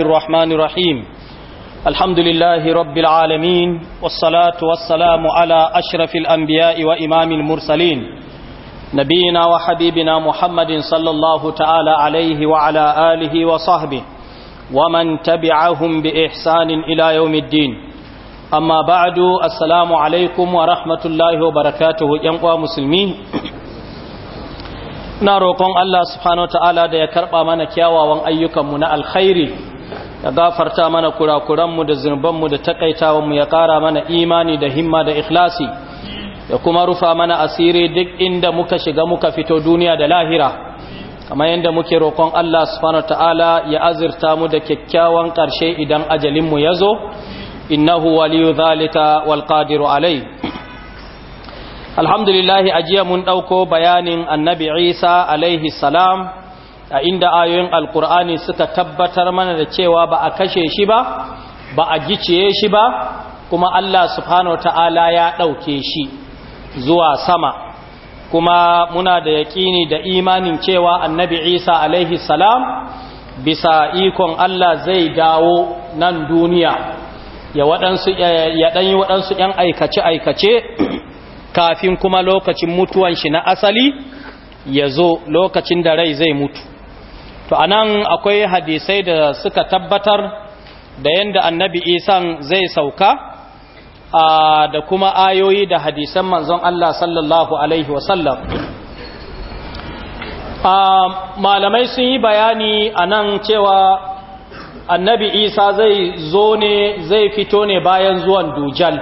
الرحمن الرحيم الحمد لله رب العالمين والصلاة والسلام على أشرف الأنبياء وإمام المرسلين نبينا وحبيبنا محمد صلى الله تعالى عليه وعلى آله وصحبه ومن تبعهم بإحسان إلى يوم الدين أما بعد السلام عليكم ورحمة الله وبركاته ينقوى مسلمين na roƙon Allah subhanahu wa ta'ala da ya karɓa mana kyawawan ayyukanmu na alkhairi ya gafarta mana kurakuranmu da zunubanmu da takaitawanmu ya ƙara mana imani da himma da ikhlasi ya kuma rufa mana asiri duk inda muka shiga muka fito duniya da lahira kamar yadda muke roƙon Allah subhanahu ta'ala ya azirta mu da kyakkyawan ƙarshe idan ajalinmu ya zo innahu waliyu zalika wal qadiru alai alhamdulillah ajiya mun ɗauko bayanin annabi Isa alaihi salam a inda ayoyin alkur'ani suka tabbatar mana da cewa ba a kashe shi ba ba a giciye shi ba kuma Allah subhanahu ta'ala ya ɗauke shi zuwa sama kuma muna da yaƙini da imanin cewa annabi isa alaihi salam bisa ikon Allah zai dawo nan duniya ya ɗan yi waɗansu ‘yan aikace-aikace kafin kuma lokacin mutuwan shi na asali ya zo lokacin da rai zai mutu to anan akwai hadisai da suka tabbatar da yanda annabi Isa zai sauka da kuma ayoyi da hadisan manzon Allah sallallahu alaihi wasallam malamai sun yi bayani anan cewa annabi isa zai zo ne zai fito ne bayan zuwan dujal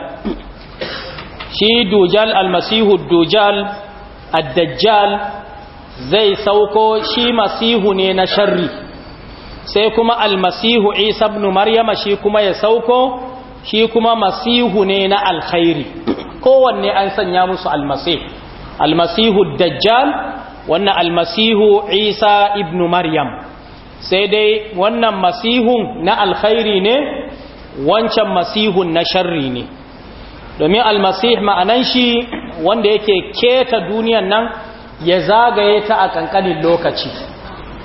shi dujal almasihu dujal addajjal zai sauko shi masihu ne na sharri sai kuma almasihu isa ibn maryama shi kuma ya sauko shi kuma masihu ne na alkhairi kowanne an sanya musu almasih almasihu dajjal wannan almasihu isa ibn maryam sai dai wannan masihun na alkhairi ne wancan masihun na sharri ne domin almasih ma'anan shi wanda yake keta duniyan nan ya zagaye ta a kankanin lokaci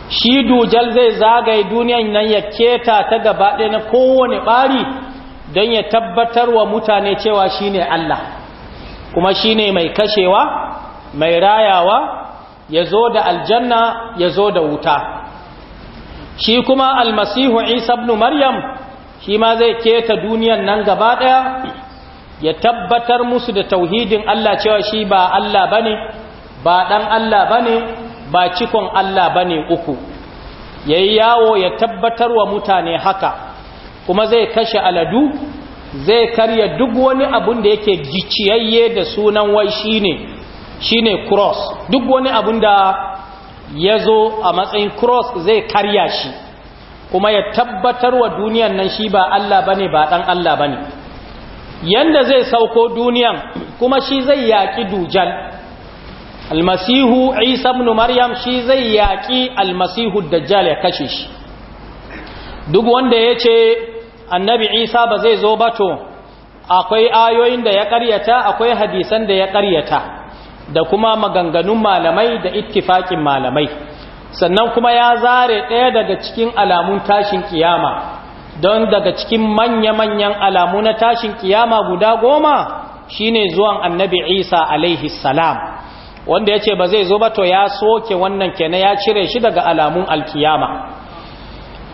shi dujal zai zagaye duniyan nan ya keta ta gaba ɗaya na kowane ɓari don ya tabbatar wa mutane cewa shi ne Allah kuma shi ne mai kashewa mai rayawa ya zo da aljanna ya zo da wuta shi kuma almasihu isa ibn maryam shi ma zai keta duniyan nan gaba ɗaya ya tabbatar musu da tauhidin Allah cewa shi ba Allah ba ne. ba ɗan Allah ba ba cikon Allah ba ne uku ya yi yawo ya tabbatar wa mutane haka kuma zai kashe aladu zai karya duk wani abun da yake giciyayye da sunan wai shi shine cross duk wani abun da ya zo a matsayin cross zai karya shi kuma ya tabbatar wa duniyan nan shi ba Allah bane ba dan Allah bane yanda zai sauko duniyan kuma shi zai yaƙi dujal almasihu isa ibn maryam shi zai yaƙi almasihu dajjal ya kashe shi duk wanda ya ce annabi isa ba zai zo ba to akwai ayoyin da ya ƙaryata akwai hadisan da ya ƙaryata da kuma maganganun malamai da ittifaqin malamai sannan kuma ya zare ɗaya daga cikin alamun tashin kiyama don daga cikin manya-manyan alamu na tashin kiyama guda goma shine zuwan annabi isa alaihi salam wanda ya ce ba zai zo ba to ya soke wannan kenan ya cire shi daga alamun alkiyama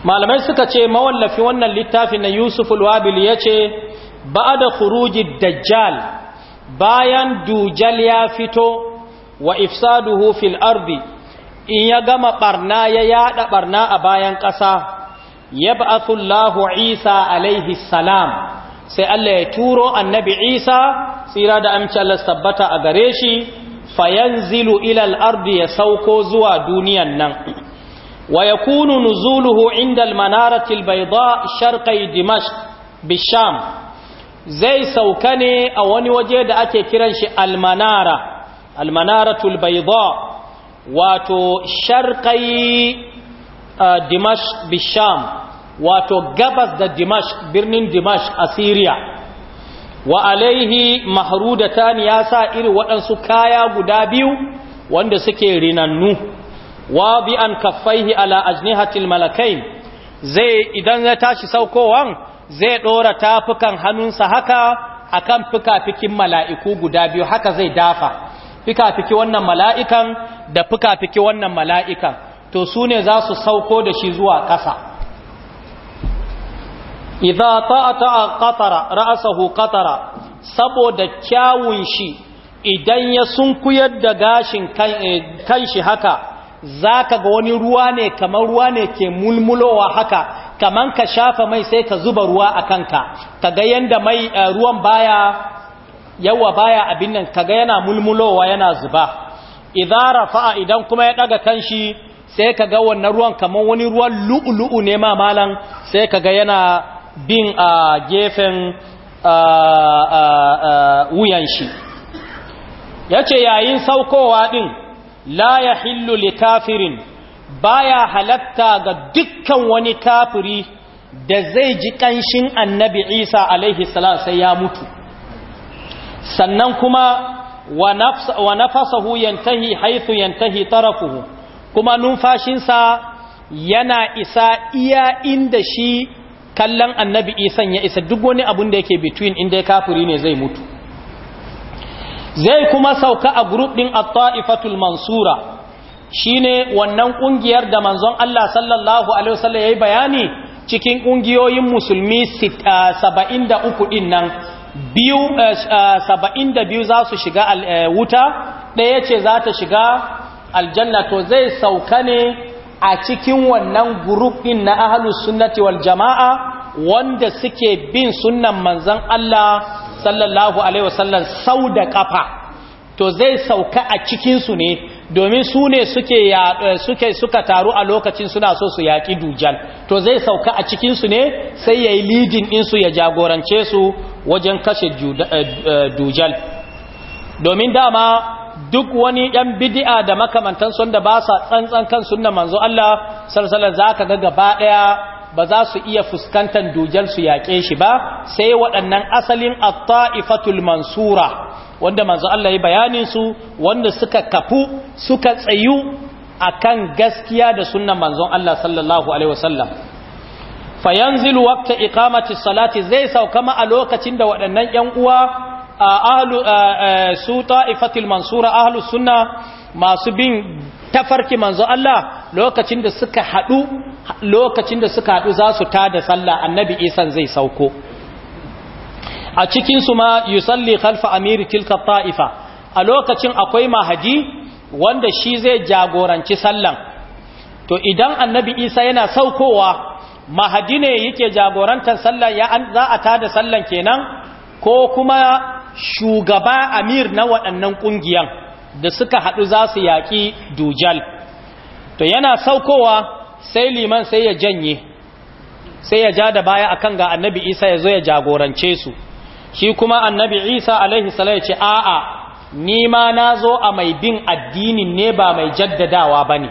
malamai suka ce mawallafi wannan littafin na yusuf alwabil ya ce ba da kuruji dajjal bayan dujal ya fito wa ifsaduhu fil ardi in ya gama barna ya yada barna a bayan ƙasa ya ba'athullahu isa alaihi salam sai Allah ya turo annabi isa tsira da amince Allah tabbata a gare shi fayanzilu ila ardi ya sauko zuwa duniyan nan wa yakunu nuzuluhu inda al-manarati al-bayda sharqi dimashq bisham zai sauka ne a wani waje da ake kiran shi al-manara al-manaratul bayda wato sharqi uh, dimashq bisham wato gabas da dimashq birnin dimashq a syria wa alaihi mahrudatan ya sa irin waɗansu kaya guda biyu wanda suke rinannu wa bi an kaffaihi ala ajnihatil malakain zai idan ya tashi saukowan zai dora tafukan hannunsa haka akan fikafikin mala'iku guda biyu haka zai dafa fikafiki wannan mala'ikan da fikafiki wannan mala'ikan to su ne za su sauko da shi zuwa ƙasa idza ta'ata qatara ra'sahu qatara saboda kyawun shi idan ya sunkuyar da gashin eh, kan shi haka zaka ga wani ruwa ne kamar ruwa ne ke mulmulowa haka kaman ka shafa mai sai ka zuba ruwa a kanka kaga yanda mai eh, ruwan baya yawa baya abin nan kaga yana mulmulowa yana zuba idza rafa'a idan kuma ya daga kanshi sai kaga wannan ruwan kaman wani ruwan lu'lu'u ne ma malan sai kaga yana bin a gefen wuyan shi ya ce yayin saukowa ɗin la ya hillu li kafirin baya halatta ga dukkan wani kafiri da zai ji ƙanshin annabi isa alaihi salam sai ya mutu sannan kuma wa nafasahu yantahi haithu yantahi tarafuhu kuma numfashinsa yana isa iya inda shi kallon annabi isan ya isa duk wani abun da yake between inda ya kafiri ne zai mutu zai kuma sauka a group din at-ta'ifatul mansura shine wannan kungiyar da manzon Allah sallallahu alaihi wasallam yayi bayani cikin kungiyoyin musulmi 73 din nan biyu 72 za su shiga wuta ɗaya ce za ta shiga aljanna to zai sauka ne a cikin wannan group din na ahlus sunnati wal jama'a wanda suke bin sunnan manzon Allah sallallahu alaihi wasallam sau da kafa to zai sauka a cikin ne domin su ne suke eh, suke suka taru a lokacin suna so su yaƙi dujal to zai sauka a cikinsu ne sai yayi leading din su ya jagorance su wajen kashe eh, eh, dujal domin dama duk wani ɗan bidi'a da makamantan sun da ba sa tsantsan kan sunna manzo Allah sallallahu za ka ga gaba ɗaya ba za su iya fuskantar dujal su yaƙe shi ba sai waɗannan asalin at-ta'ifatul mansura wanda manzo Allah ya bayanin su wanda suka kafu suka tsayu akan gaskiya da sunna manzon Allah sallallahu alaihi wasallam fayanzilu waqta iqamati salati zai sauka ma a lokacin da waɗannan ƴan uwa su ta'ifatul mansura ahlus sunna masu bin tafarki manzo Allah lokacin da suka hadu lokacin da suka hadu za su tada sallah annabi isan zai sauko a cikin su ma yusalli khalfa amiri tilka ta'ifa a lokacin akwai mahaji wanda shi zai jagoranci sallan to idan annabi isa yana saukowa mahadi ne yake jagorantar sallan ya za a tada sallan kenan ko kuma shugaba amir na waɗannan ƙungiyan da suka haɗu za su yaƙi dujal to yana saukowa sai liman sai ya janye sai ya ja da baya a kan ga annabi isa ya zo ya jagorance su shi kuma annabi isa alaihi ya ce a'a ni ma na zo a mai bin addinin ne ba mai jaddadawa ba ne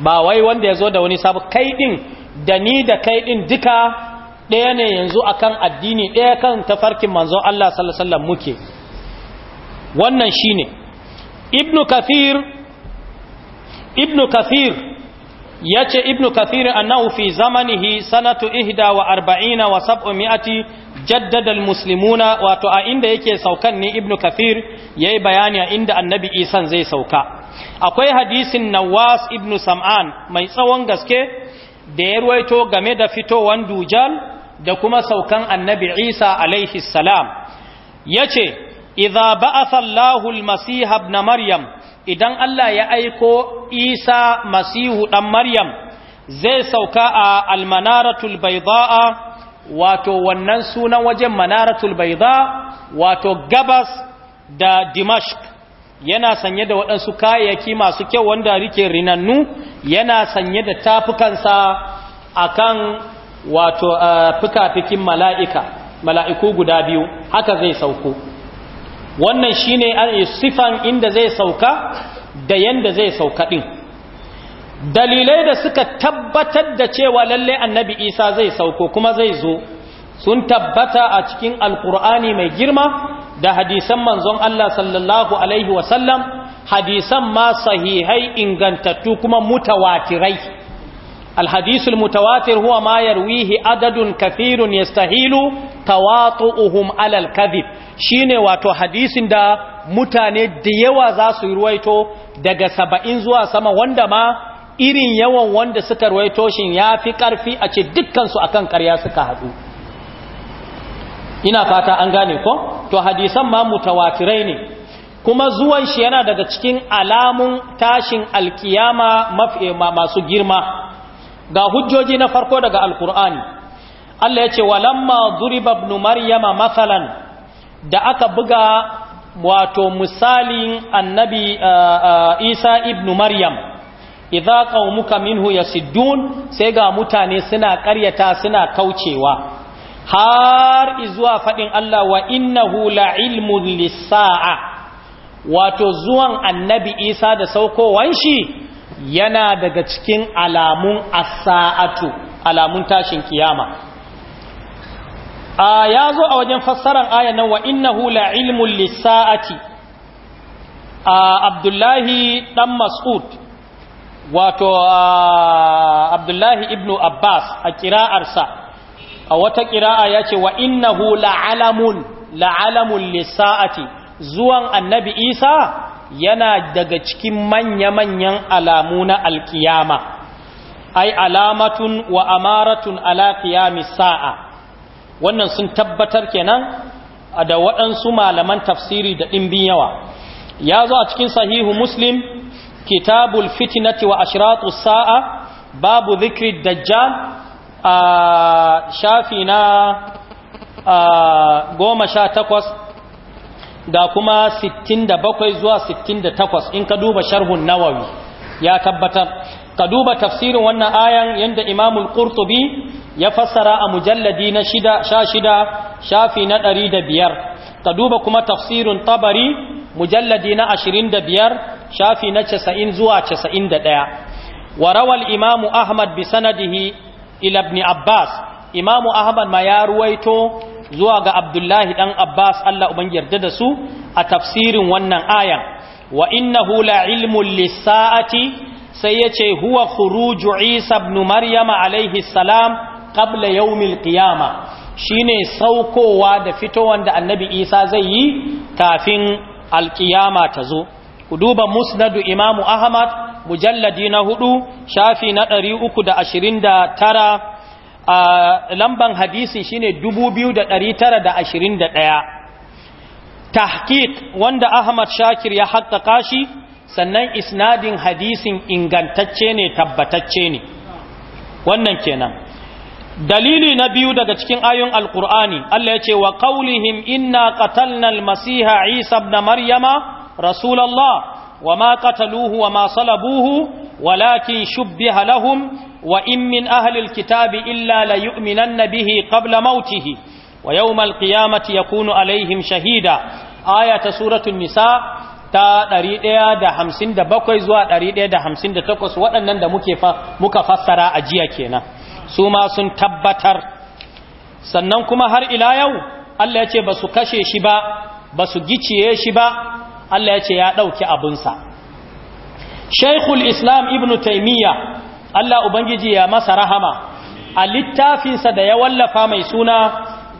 ba wai wanda ya zo da wani sabu kai ɗin da ni da kai ɗin duka ɗaya ne yanzu akan addini ɗaya kan tafarkin manzon Allah sallallahu muke wannan shine ibnu kathir ibnu kathir yace ibnu kathir annahu fi zamanihi sanatu 41 wa 700 jaddada musulmuna wato a inda yake saukan ne ibnu kathir yayi bayani a inda annabi isan zai sauka akwai hadisin nawas ibnu sam'an mai tsawon gaske da ya ruwaito game da fitowan dujal da kuma saukan annabi Isa alaihi salam ya ce ba'atha Allahu al ibn maryam idan Allah ya aiko Isa masihu dan maryam zai sauka a almanaratul manaratul baydaa wato wannan sunan wajen manaratul bayda wato gabas da dimashq yana sanye da waɗansu kayayyaki masu kyau wanda rike rinannu yana sanye da tafukansa akan wato fikafikin mala'ika mala'iku guda biyu haka zai sauko wannan shine sifan inda zai sauka da yanda zai sauka din dalilai da suka tabbatar da cewa lalle annabi isa zai sauko kuma zai zo sun tabbata a cikin alkur'ani mai girma da hadisan manzon Allah sallallahu alaihi wasallam hadisan ma sahihai ingantattu kuma mutawatirai الحديث المتواتر هو ما يرويه عدد كثير يستحيل تواطؤهم على الكذب shine wato hadisin da mutane da yawa za su ruwaito daga saba'in zuwa sama wanda ma irin yawan wanda suka ruwaito shin ya fi ƙarfi a ce dukkansu akan ƙarya suka haɗu ina fata an gane ko to hadisan ma mutawatirai ne kuma zuwan shi yana daga cikin alamun tashin alkiyama masu girma ga hujjoji na farko daga alkur'ani Allah ya ce walamma duriba ibn maryama masalan da aka buga wato misalin annabi isa ibn maryam idza qaumuka minhu yasiddun sai ga mutane suna ƙaryata suna kaucewa har izuwa faɗin Allah wa innahu la'ilmun lis-sa'a wato zuwan annabi isa da saukowan shi yana daga cikin alamun asa'atu alamun tashin kiyama a ya zo a wajen fassarar ayanan nan wa innahu ilmun lissa'ati a abdullahi dan mas'ud wato abdullahi ibnu abbas a kira'arsa a wata kira'a ya ce wa innahu la alamun la lissa'ati zuwan annabi isa yana daga cikin manya-manyan alamu na alkiyama ai alamatun wa amaratun ala qiyami sa'a wannan sun tabbatar kenan da waɗansu malaman tafsiri da ɗimbin yawa ya zo a cikin sahihu muslim kitabul fitinati wa ashiratu sa'a babu zikri dajjal a shafi na goma sha takwas ga kuma 67 zuwa 68 in ka duba sharhun nawawi ya tabbatar ka duba tafsirin wannan ayan yadda imamul qurtubi ya fassara a mujalladi na shida sha shida shafi na ɗari da biyar ka duba kuma tafsirin tabari mujalladi na ashirin da biyar shafi na casa'in zuwa casa'in da ɗaya wa rawal imamu ahmad bi sanadihi ila ibn abbas imamu ahmad ma ya ruwaito zuwa ga abdullahi ɗan abbas allah uban yarda da su a tafsirin wannan ayan wa innahu la ilmun lissaati sai yace huwa khuruju isa ibn maryama alaihi salam qabla yawmil qiyama shine saukowa da fitowan da annabi isa zai yi kafin alkiyama ta zo ku duba musnadu imamu ahmad mujalladi na hudu shafi na 329 a lamban hadisin shine 2921 tahqiq wanda Ahmad Shakir ya haƙƙaƙa shi sannan isnadin hadisin ingantacce ne tabbatacce ne wannan kenan dalili na biyu daga cikin ayon alkur'ani Allah ya ce wa qaulihim inna qatalna almasiha isa ibn maryama rasulullah wa ma qataluhu wa ma salabuhu walakin shubbiha lahum wa in min ahlil kitabi illa la yu'minanna bihi qabla mautihi wa yawmal ya kunu alaihim shahida aya ta suratun nisa ta 157 zuwa 158 waɗannan da muke muka fassara a jiya kenan su ma sun tabbatar sannan kuma har ila yau Allah ya ce ba su kashe shi ba ba su giciye shi ba Allah ya ce ya ɗauki abinsa Shaikhul Islam Ibn Taymiyya Allah Ubangiji ya masa rahama a littafinsa da ya wallafa mai suna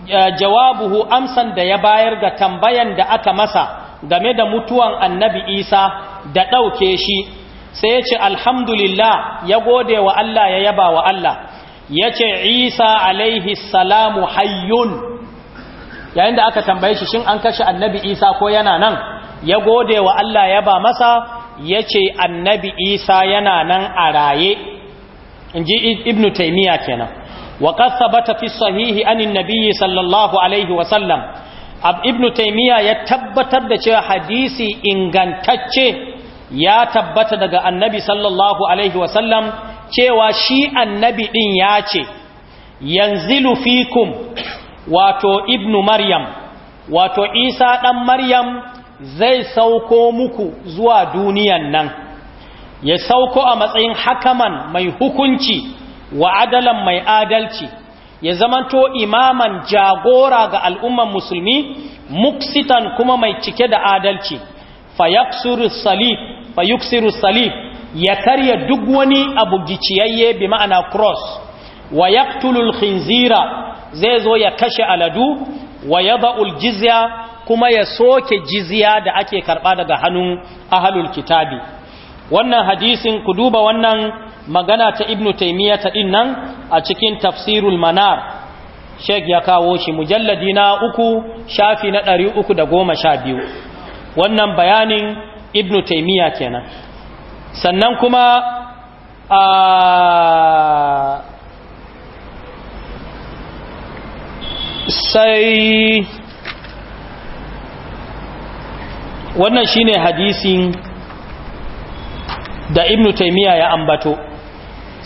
eh, jawabuhu amsan da ya bayar ga tambayan da aka masa game da mutuwan annabi Isa da ɗauke shi sai ya ce alhamdulillah ya gode wa Allah ya yaba wa Allah ya ce Isa alaihi salamu hayyun yayin da aka tambaye shi shin an kashe annabi Isa ko yana nan ya gode wa Allah ya ba masa ya ce annabi Isa yana nan a raye Inji ibn Taymiya kenan wa qasabata fi sahihi anin nabiyyi sallallahu alaihi wa sallam ibn Taymiya ya tabbatar da cewa hadisi ingantacce ya tabbata daga annabi sallallahu alaihi wa sallam cewa shi annabi din ya ce yanzilu fikum wato ibn maryam wato isa dan maryam zai sauko muku zuwa duniyan nan ya sauko a matsayin hakaman mai hukunci wa adalan mai adalci ya zamanto imaman jagora ga al'umman musulmi muksitan kuma mai cike da adalci fayuksiru salib ya karya duk wani abu giciyayye bi ma'ana cross wa yaktulul khinzira zai zo ya kashe aladu wa yaba'ul jizya kuma ya soke jizya da ake karba daga hannun ahalul kitabi wannan hadisin ku duba wannan magana ta ibnu taimiyya ta ɗin nan a cikin tafsirul manar sheik ya kawo shi mujalladi na uku shafi na ɗari uku da goma sha biyu wannan bayanin ibnu taimiyya kenan sannan kuma a sai wannan shine hadisin da ibnu taimiyya ya ambato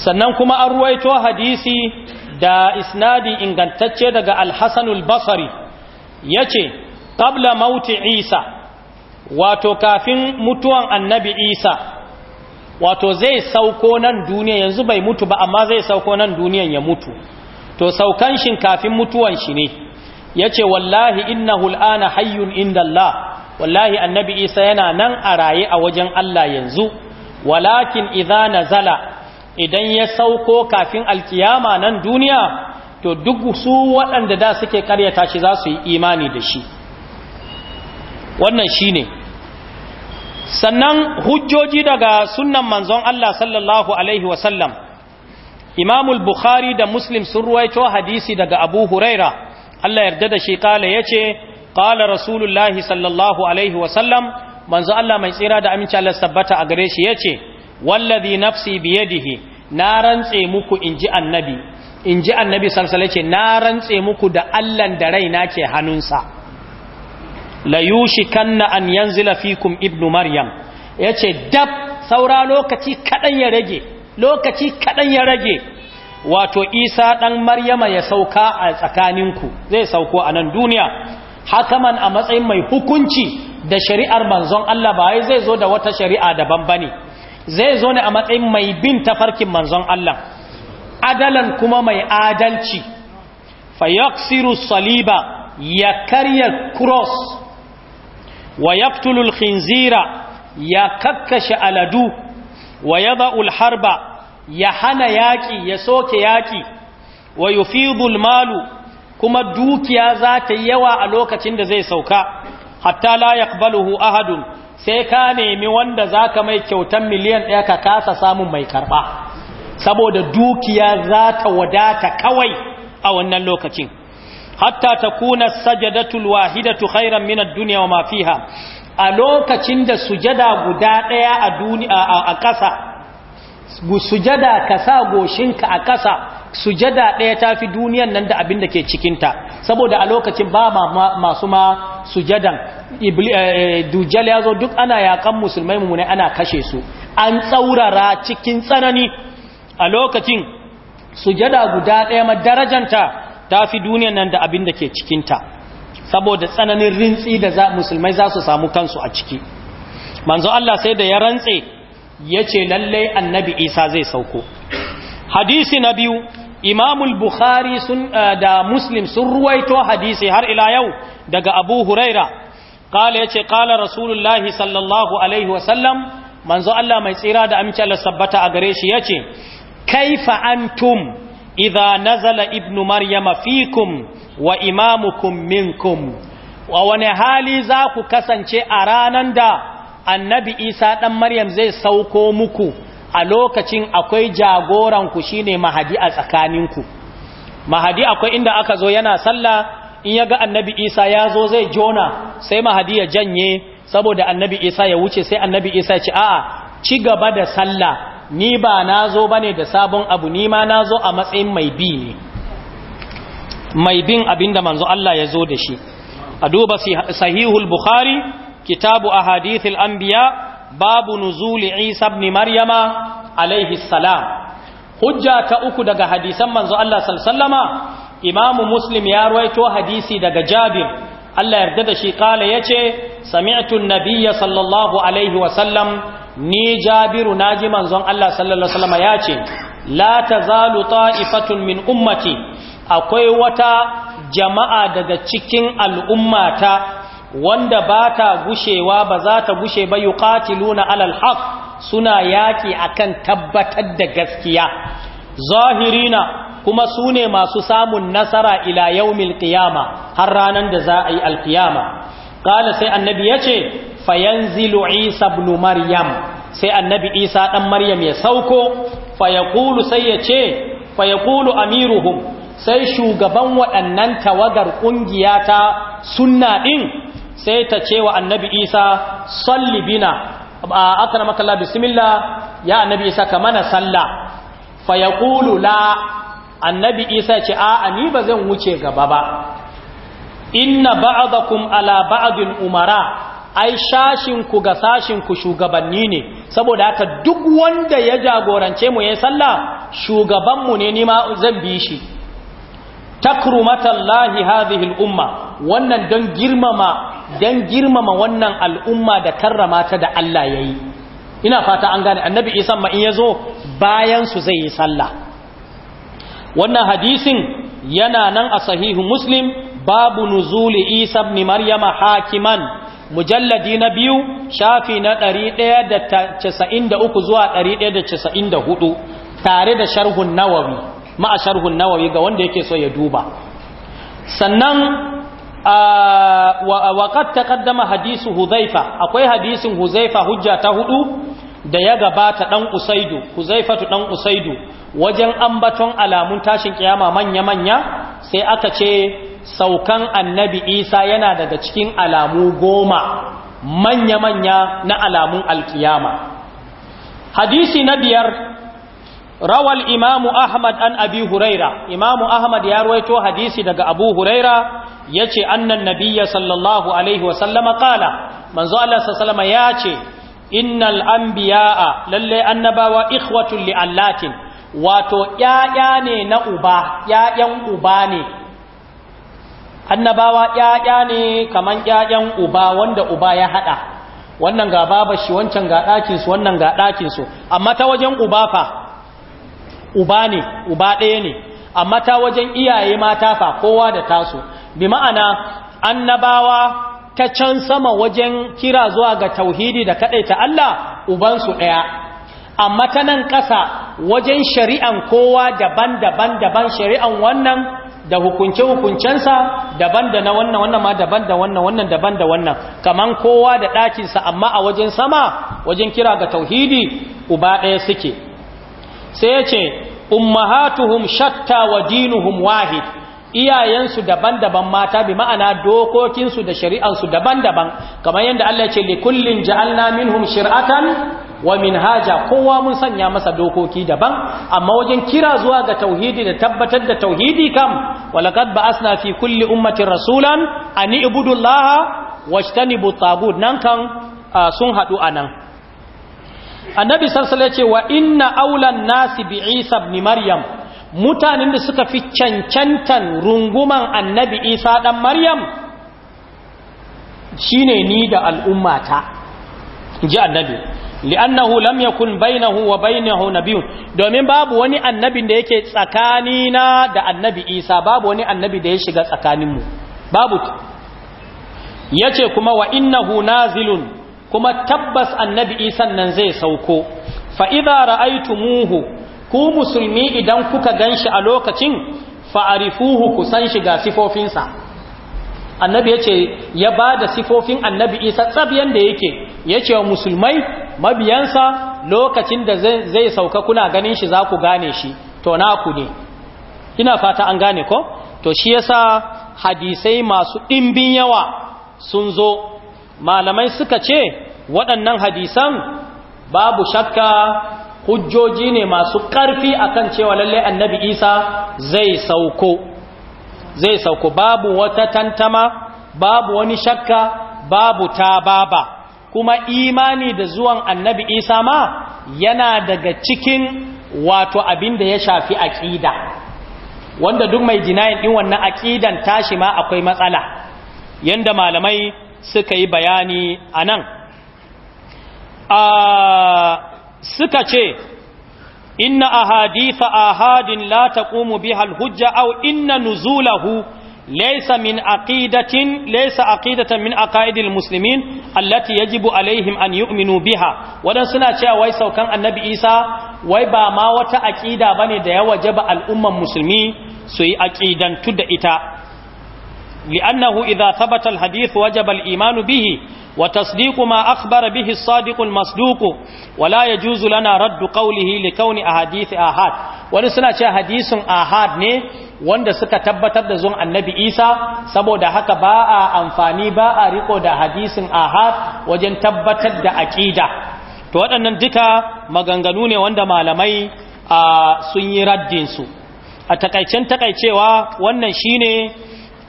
sannan kuma an ruwaito hadisi da isnadi ingantacce daga alhassanul basari ya ce ƙabla mauti isa wato kafin mutuwan annabi isa wato zai sauko nan duniya yanzu bai mutu ba amma zai sauko nan duniyan ya mutu to saukan shi kafin mutuwan shi ne ya ce wallahi inna Hul'ana hayyun inda Allah wallahi annabi isa yana nan a raye a wajen Allah yanzu walakin idza nazala idan ya sauko kafin alkiyama nan duniya to duk su waɗanda da suke karyata shi za su yi imani da shi wannan shine sannan hujjoji daga sunnan manzon Allah sallallahu alaihi wasallam imamul bukhari da muslim sun ruwaito hadisi daga abu huraira Allah yarda da shi kala ce ƙala rasulullahi sallallahu alaihi wasallam manzo Allah mai tsira da aminci Allah sabbata a gare shi yace wallazi nafsi biyadihi na rantse muku inji annabi inji annabi sallallahu alaihi na rantse muku da Allah da raina ke hannunsa la yushikanna an yanzila fikum ibnu maryam yace dab saura lokaci kadan ya rage lokaci kadan ya rage wato isa ɗan maryama ya sauka a tsakaninku zai sauko a nan duniya hakaman a matsayin mai hukunci da shari'ar manzon Allah ba zai zo da wata shari'a daban bane zai zo ne a matsayin mai bin tafarkin manzon Allah adalan kuma mai adalci fayaksiru saliba ya karya cross wa yaqtulul khinzira ya kakkashe aladu wa yada'ul harba ya hana yaƙi ya soke yaƙi wa yufidul malu kuma dukiya za ta yawa a lokacin da zai sauka hatta la yaqbaluhu ahadun sai ka nemi wanda zaka mai kyautan miliyan ɗaya ka kasa samun mai karba saboda dukiya za ta wadata kawai a wannan lokacin hatta ta takuna sajadatul wahidatu khairan min ad-dunya wa ma fiha a lokacin da sujada guda ɗaya a duniya a ƙasa sujada ka sa goshinka a ƙasa sujada ɗaya ta fi duniyan nan da abin da ke cikinta saboda a lokacin ba masu ma sujadan eh, dujjal ya zo duk ana yaƙan musulmai mummune ana kashe su an tsaurara cikin tsanani a lokacin sujada guda ɗaya ma darajanta ta fi duniyan nan da abin da ke cikinta saboda tsananin rintsi da musulmai za su samu kansu a ciki manzo Allah sai da ya rantse ya ce lallai annabi isa zai sauko hadisi na biyu imamul bukhari eh, da muslim sun ruwaito hadisi har ila yau daga abu huraira kala ya ce kala rasulullahi sallallahu alaihi wasallam manzo Allah mai tsira da amince Allah sabbata a gare shi yace kaifa antum idza nazala ibnu maryama fikum wa imamukum minkum wa wani hali za ku kasance a ranan da annabi isa ɗan maryam zai sauko muku a lokacin akwai jagoranku shine mahadi a tsakaninku mahadi akwai inda aka zo yana sallah in ya ga annabi isa ya zo zai jona sai mahadi ya janye saboda annabi isa ya wuce sai annabi isa ya ce a'a ci gaba da sallah ni ba na zo ba ne da sabon abu ni ma na zo a matsayin mai bi ne mai bin abinda manzo Allah ya zo da shi a duba sahihul bukhari kitabu ahadithil anbiya babu nuzuli isa ibn maryama alaihi salam hujja ta uku daga hadisan manzo Allah sallama imamu muslim ya ruwaito hadisi daga jabir Allah yarda da shi kala yace sami'tu an-nabiyya sallallahu alaihi wa sallam ni jabiru naji manzon Allah sallallahu alaihi wa sallam yace la tazalu ta'ifatun min ummati akwai wata jama'a daga cikin al'ummata wanda ba ta gushewa ba za ta gushe ba yi na alal haq suna yaƙi akan tabbatar da gaskiya zahirina kuma su ne masu samun nasara ila yaumil ƙiyama har ranar da za a yi alƙiyama ƙala sai annabi ya ce fayanzilu isa ibn maryam sai annabi isa ɗan maryam ya sauko Fayakulu sai ya ce fayaqulu amiruhum sai shugaban waɗannan tawagar ƙungiya ta sunna ɗin sai ta ce wa annabi isa sallibina a akramaka makalla bismillah ya annabi isa ka mana sallah fa ya la annabi isa ce a ni ba zan wuce gaba ba inna ba'dakum ala ba'din umara ai shashin ku ga sashin ku shugabanni ne saboda haka duk wanda ya jagorance mu yayin sallah shugaban mu ne nima zan bi shi takrumatallahi hadhihi al-umma wannan don girmama don girmama wannan al'umma da karrama ta da Allah ya yi ina fata an gane annabi isa ma in ya zo su zai yi sallah wannan hadisin yana nan a sahihu muslim babu nuzuli isa ibn maryama hakiman mujalladi na biyu shafi na 193 zuwa 194 tare da sharhun nawawi ma sharhun nawawi ga wanda yake so ya duba sannan waƙat ta ƙaddama hadisu huzaifa akwai hadisin huzaifa hujja ta hudu da ya gabata ɗan usaidu huzaifatu ɗan usaidu wajen ambaton alamun tashin ƙyama manya manya sai aka ce saukan annabi isa yana daga cikin alamu goma manya manya na alamun alƙiyama. hadisi na biyar rawal imamu ahmad an abi huraira imamu ahmad ya ruwaito hadisi daga abu huraira ya ce annan nabiya sallallahu alaihi wasallama kala manzo Allah sallama ya ce innal anbiya'a lalle annabawa ikhwatul li'allatin wato ƴaƴa ne na uba ƴaƴan uba ne annabawa ƴaƴa ne kaman ƴaƴan uba wanda uba ya hada wannan ga baba shi wancan ga ɗakin su wannan ga ɗakin su amma ta wajen uba fa uba ne uba ɗaya ne amma ta wajen iyaye mata fa kowa da tasu bi ma'ana annabawa ta can sama wajen kira zuwa ga tauhidi da ta Allah ubansu ɗaya amma ta nan ƙasa wajen shari'an kowa daban-daban daban shari'an wannan da hukunce-hukuncensa daban da na wannan wannan ma daban da wannan wannan daban da wannan kaman kowa da ɗakinsa amma a wajen sama wajen kira ga tauhidi uba ɗaya suke sai ya ce ummahatuhum shatta wa dinuhum wahid iyayensu daban-daban mata bi ma'ana dokokinsu da shari'ansu daban-daban kamar yadda Allah ce li kullin ja'alna minhum shir'atan wa minhaja kowa mun sanya masa dokoki daban amma wajen kira zuwa ga tauhidi da tabbatar da tauhidi kam walaqad ba'asna fi kulli ummatin rasulan an ibudullaha wajtanibu tagut nan kan sun hadu anan annabi sarsala yace ce wa inna aulan nasi bi isa ibn maryam mutanen da suka fi cancantan runguman annabi isa dan maryam shine ni da al'ummata ji annabi li'annahu lam yakun bainahu wa bainahu nabiyun domin babu wani annabin da yake tsakanina da annabi isa babu wani annabi da ya shiga tsakaninmu babu yace kuma wa innahu nazilun kuma tabbas annabi isan nan zai sauko fa idza ra'aytumuhu ku musulmi idan kuka ganshi a lokacin fa arifuhu ku san shi ga sifofinsa annabi yace ya ba da sifofin annabi isa tsab da yake yace wa musulmai mabiyansa lokacin da zai sauka kuna ganin shi za ku gane shi to na ku ne ina fata an gane ko to shi yasa hadisai masu ɗimbin yawa sun zo malamai suka ce waɗannan hadisan babu shakka hujjoji ne masu ƙarfi akan cewa lallai annabi isa zai sauko zai sauko babu wata tantama babu wani shakka babu ta baba kuma imani da zuwan annabi isa ma yana daga cikin wato abin da ya shafi aƙida wanda duk mai jinayin ɗin wannan aƙidan tashi ma akwai matsala yanda malamai suka yi bayani a nan suka ce inna ahadisa ahadin la taqumu biha alhujja aw inna nuzulahu laysa min aqidatin laysa aqidatan min aqaidil muslimin allati yajibu alaihim an yu'minu biha wadan suna cewa wai saukan annabi Isa wai ba ma wata aqida bane da ya wajaba al'umman musulmi su yi aqidantu da ita لأنه إذا ثبت الحديث وجب الإيمان به وتصديق ما أخبر به الصادق المصدوق ولا يجوز لنا رد قوله لكون أحاديث آهاد suna شيء حديث آهاد ني wanda suka tabbatar da zuwan annabi isa saboda haka ba a amfani ba a riko da hadisin ahad wajen tabbatar da aƙida to waɗannan duka maganganu ne wanda malamai sun yi raddinsu a takaicen takaicewa wannan shine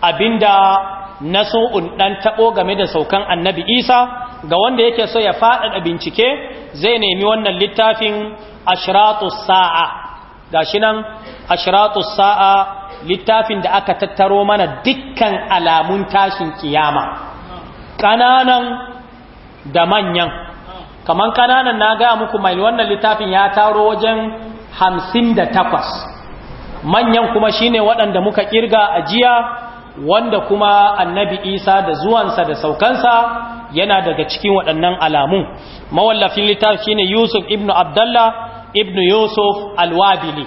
abinda na so'un ɗan taɓo game da saukan annabi isa ga wanda yake so ya faɗaɗa bincike zai nemi wannan littafin ashiratus sa'a ga nan ashiratus sa'a littafin da aka tattaro mana dukkan alamun tashin kiyama ƙananan da manyan Kaman ƙananan na gaya muku mai wannan littafin ya taro wajen hamsin da takwas manyan kuma shine waɗanda muka ƙirga a jiya wanda kuma annabi isa da zuwansa da saukansa yana daga cikin waɗannan alamun mawallafin littafi shine yusuf ibn abdallah ibn yusuf alwabili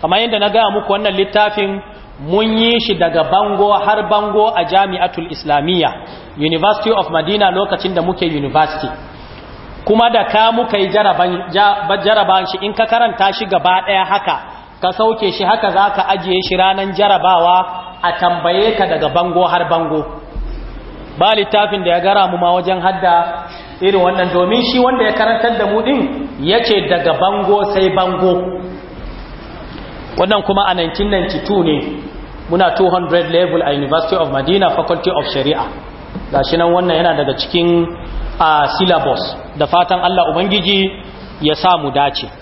kamar yadda na gaya muku wannan littafin mun yi shi daga bango har bango a jami'atul islamiyya university of madina lokacin da muke university kuma da ka muka yi jaraban shi in ka karanta shi gaba ɗaya haka ka sauke shi haka za ka ajiye shi ranar jarabawa a tambaye ka daga bango har bango ba littafin da ya gara mu ma wajen hadda irin wannan domin shi wanda ya karantar da mu din ce daga bango sai bango wannan kuma a 1992 ne muna 200 level a University of Madina Faculty of Sharia Ga shi nan wannan yana daga cikin a ah, syllabus da fatan Allah ubangiji ya sa mu dace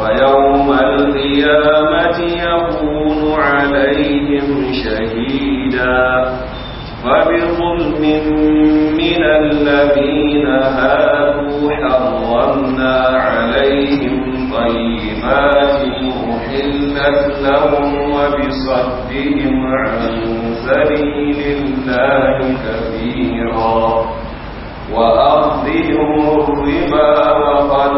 ويوم القيامة يكون عليهم شهيدا فبظلم من الذين هادوا حرمنا عليهم طيبات أحلت لهم وبصدهم عن سبيل الله كثيرا وأخذهم الربا وقد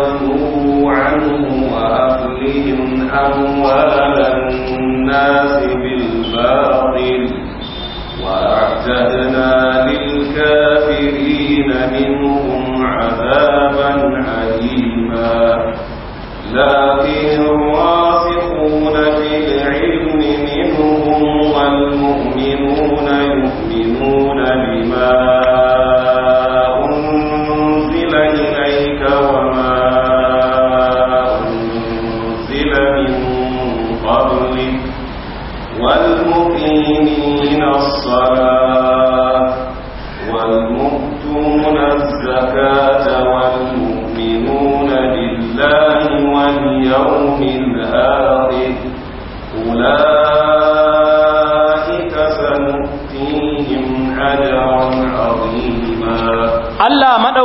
عنه وأخذهم أموال الناس بالباطل وأعتدنا للكافرين منهم عذابا أليما لكن الراسخون في العلم منهم والمؤمنون يؤمنون بما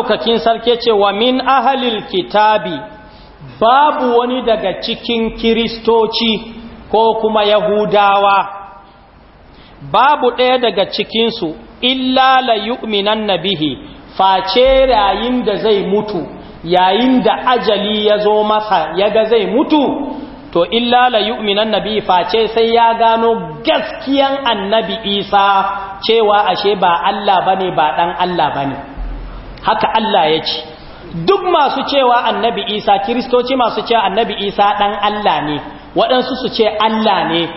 maɗaukakin sarki ce wa min ahalil kitabi babu wani daga cikin kiristoci ko kuma yahudawa babu ɗaya daga cikinsu illa la yu'minan nabihi face yayin da zai mutu yayin da ajali ya zo masa ga zai mutu to illa la yu'minan nabi face sai ya gano gaskiyan annabi isa cewa ashe ba Allah bane ba dan Allah bane haka Allah ya ce duk masu cewa annabi isa kiristoci masu cewa annabi isa ɗan Allah ne waɗansu su ce Allah ne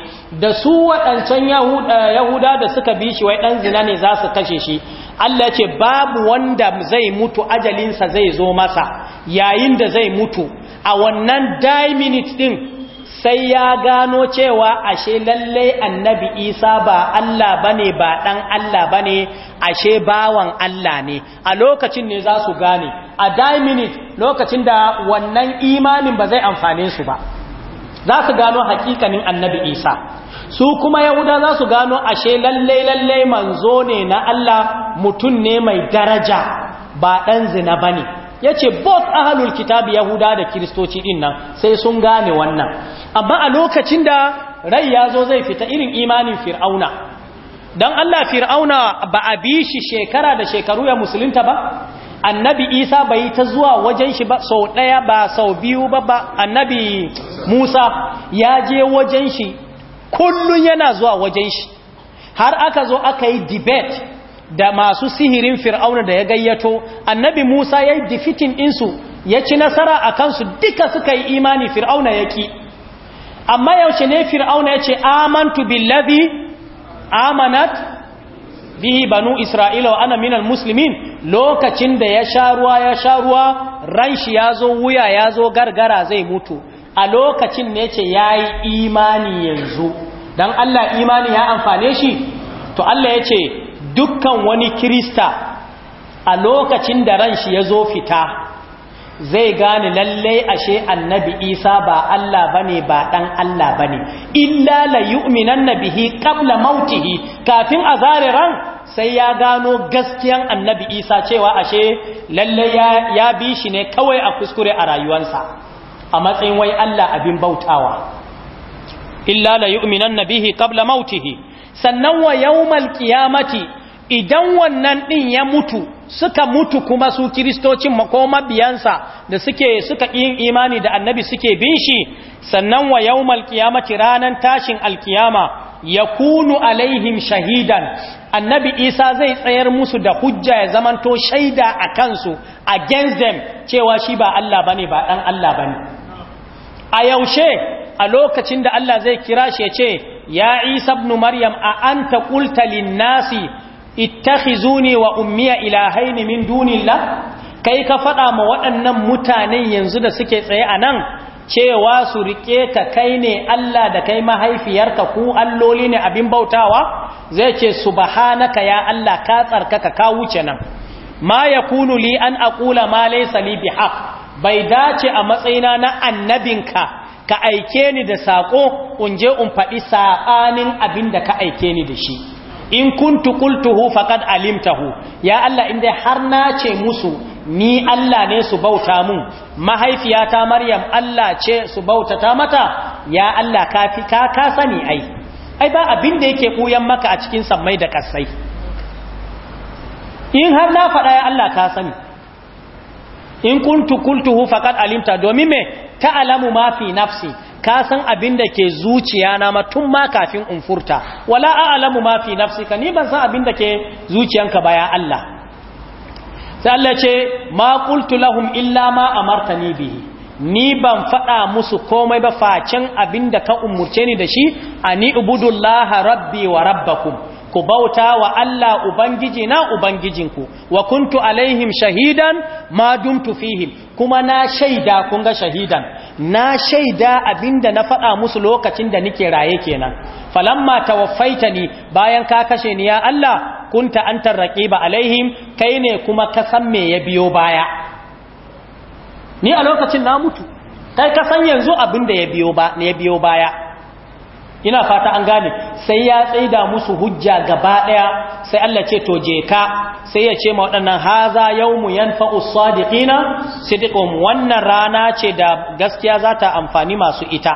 da su waɗancan yahuda da suka bi shi wai ɗan zina ne za su kashe shi Allah ce babu wanda zai mutu ajalinsa zai zo masa yayin da zai mutu a wannan die minutes ɗin sai ya gano cewa ashe lalle annabi isa ba Allah bane ba dan Allah bane ashe bawan Allah ne a lokacin ne za su gane a minute lokacin da wannan imanin ba zai amfane su ba za su gano hakikanin annabi isa su kuma yahuda za su gano ashe lalle lalle manzo ne na Allah mutum ne mai daraja ba dan zina bane ya ce both ahalul kitabi yahuda da kiristoci din nan sai sun gane wannan amma a lokacin da rai ya zo zai fita irin imanin fir'auna don allah fir'auna ba a bi shi shekara da shekaru ya musulunta ba annabi isa bai yi ta zuwa wajen shi ba sau ɗaya ba sau biyu ba ba annabi musa ya je wajen shi kullum yana zuwa wajen shi har aka zo aka yi debate da masu sihirin fir'auna da ya gayyato annabi musa ya yi difitin insu ya ci nasara a kansu duka suka yi imani fir'auna ya ki amma yaushe ne fir'auna ya ce amantu billazi amanat bihi banu isra'ila wa ana minal muslimin lokacin da ya sha ruwa ya sha ruwa ran shi ya zo wuya ya zo gargara zai mutu a lokacin ne ce ya yi imani yanzu don allah imani ya amfane shi to allah ya ce dukkan wani kirista a lokacin da ran shi ya zo fita zai gane lallai ashe annabi isa ba Allah ne ba dan Allah bane illa la na bihi qabla mautihi kafin a zare ran sai ya gano gaskiyan annabi isa cewa ashe lallai ya, bi shi ne kawai a kuskure a rayuwansa. a matsayin wai Allah abin bautawa illa la na bihi qabla mautihi sannan wa yawmal qiyamati idan wannan ɗin ya mutu suka mutu kuma su kiristocin ko mabiyansa da suke suka yin imani da annabi suke bin shi sannan wa yawmal qiyamati ranan tashin alkiyama ya kunu alaihim shahidan annabi isa zai tsayar musu da hujja ya zamanto shaida a kansu against them cewa shi ba Allah bane ba dan Allah bane a yaushe a lokacin da Allah zai kira shi ya ce ya isa ibn maryam a anta qulta lin nasi ittakhizuni wa ummiya ilahaini min dunillah kai ka faɗa ma waɗannan mutanen yanzu da suke tsaye anan cewa su rike ka kai ne Allah da kai mahaifiyarka ku alloli ne abin bautawa zai ce subhanaka ya Allah ka tsarkaka ka wuce nan ma yakunu li an aqula ma laysa li bihaq bai dace a matsayina na annabinka ka aike ni da sako unje un faɗi saɓanin abin da ka aike ni da shi in kuntu qultuhu faqad alimtahu ya Allah inda har na ce musu ni Allah ne su bauta mun mahaifiyata Maryam Allah ce su bauta ta mata ya Allah ka ka ka sani ai ai ba abin da yake koyan maka a cikin sammai da kasai in har na faɗa ya Allah ka sani in kuntu qultuhu faqad alimta domin me ta alamu mafi nafsi ka san abin da ke zuciya na ma ma kafin in furta wala a'lamu ma fi nafsika ni ban san abin da ke zuciyanka ba ya Allah sai Allah ce ma qultu lahum illa ma amartani bihi ni ban faɗa musu komai ba facen abin da ka umurce ni da shi ani ubudullaha rabbi wa rabbakum ku bauta wa Allah Ubangiji na Ubangijinku, wa kuntu alaihim shahidan ma dumtu fihim, kuma na shaida kun ga shahidan, na shaida abinda na faɗa musu lokacin da nike raye kenan falamma ni bayan ka kashe ni ya Allah kunta antar raqiba alaihim kai ne kuma ka san me ya biyo baya ni a lokacin na mutu kai ka san yanzu abinda ya biyo ba ne ya biyo baya ina fata an gane sai ya tsaida musu hujja gaba daya sai Allah ce to je ka sai ya ce ma waɗannan haza yawmu yanfa'u sadiqina sidqum wannan rana ce da gaskiya za ta amfani masu ita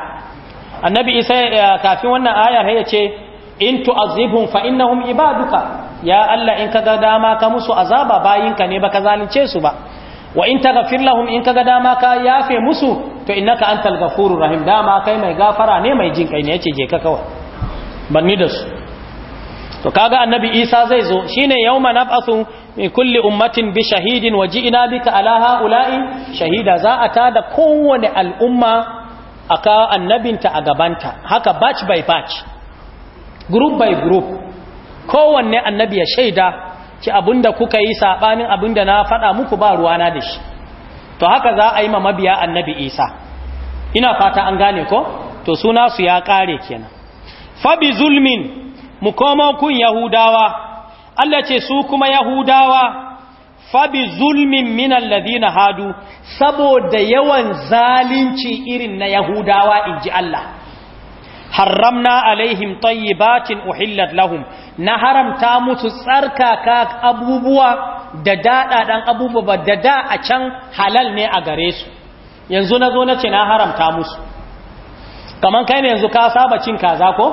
annabi isa eh, kafin wannan aya ya ce in tu'azibhum fa innahum ibaduka ya Allah in ka ga dama ka musu azaba bayinka ne ba ka zalunce su ba wa in gafin lahum in kaga dama ka yafe musu to innaka antal ghafurur rahim dama kai mai gafara ne mai jin kai ne yace je ka kawai ban ni da su to kaga annabi Isa zai zo shine yawma nab'athu min kulli ummatin bi shahidin wa bi bika ala ha'ula'i shahida za a tada kowane al'umma a ka annabinta a gabanta haka batch by batch group by group kowanne annabi ya shaida ci abinda kuka yi sabanin abinda na faɗa muku ba ruwana da shi to haka za a yi ma mabiya annabi isa ina fata an gane ko to suna su ya ƙare kenan fabi zulmin mu koma kun yahudawa Allah ce su kuma yahudawa fabi zulmin minan ladina hadu saboda yawan zalunci irin na yahudawa in ji Allah harramna alaihim tayyibatin uhillar lahum na haramta musu tsarkaka abubuwa da daɗaɗan abubuwa da da a can halal ne a gare su yanzu na zo na ce na haramta musu kamar kai na yanzu ka saba cin kaza ko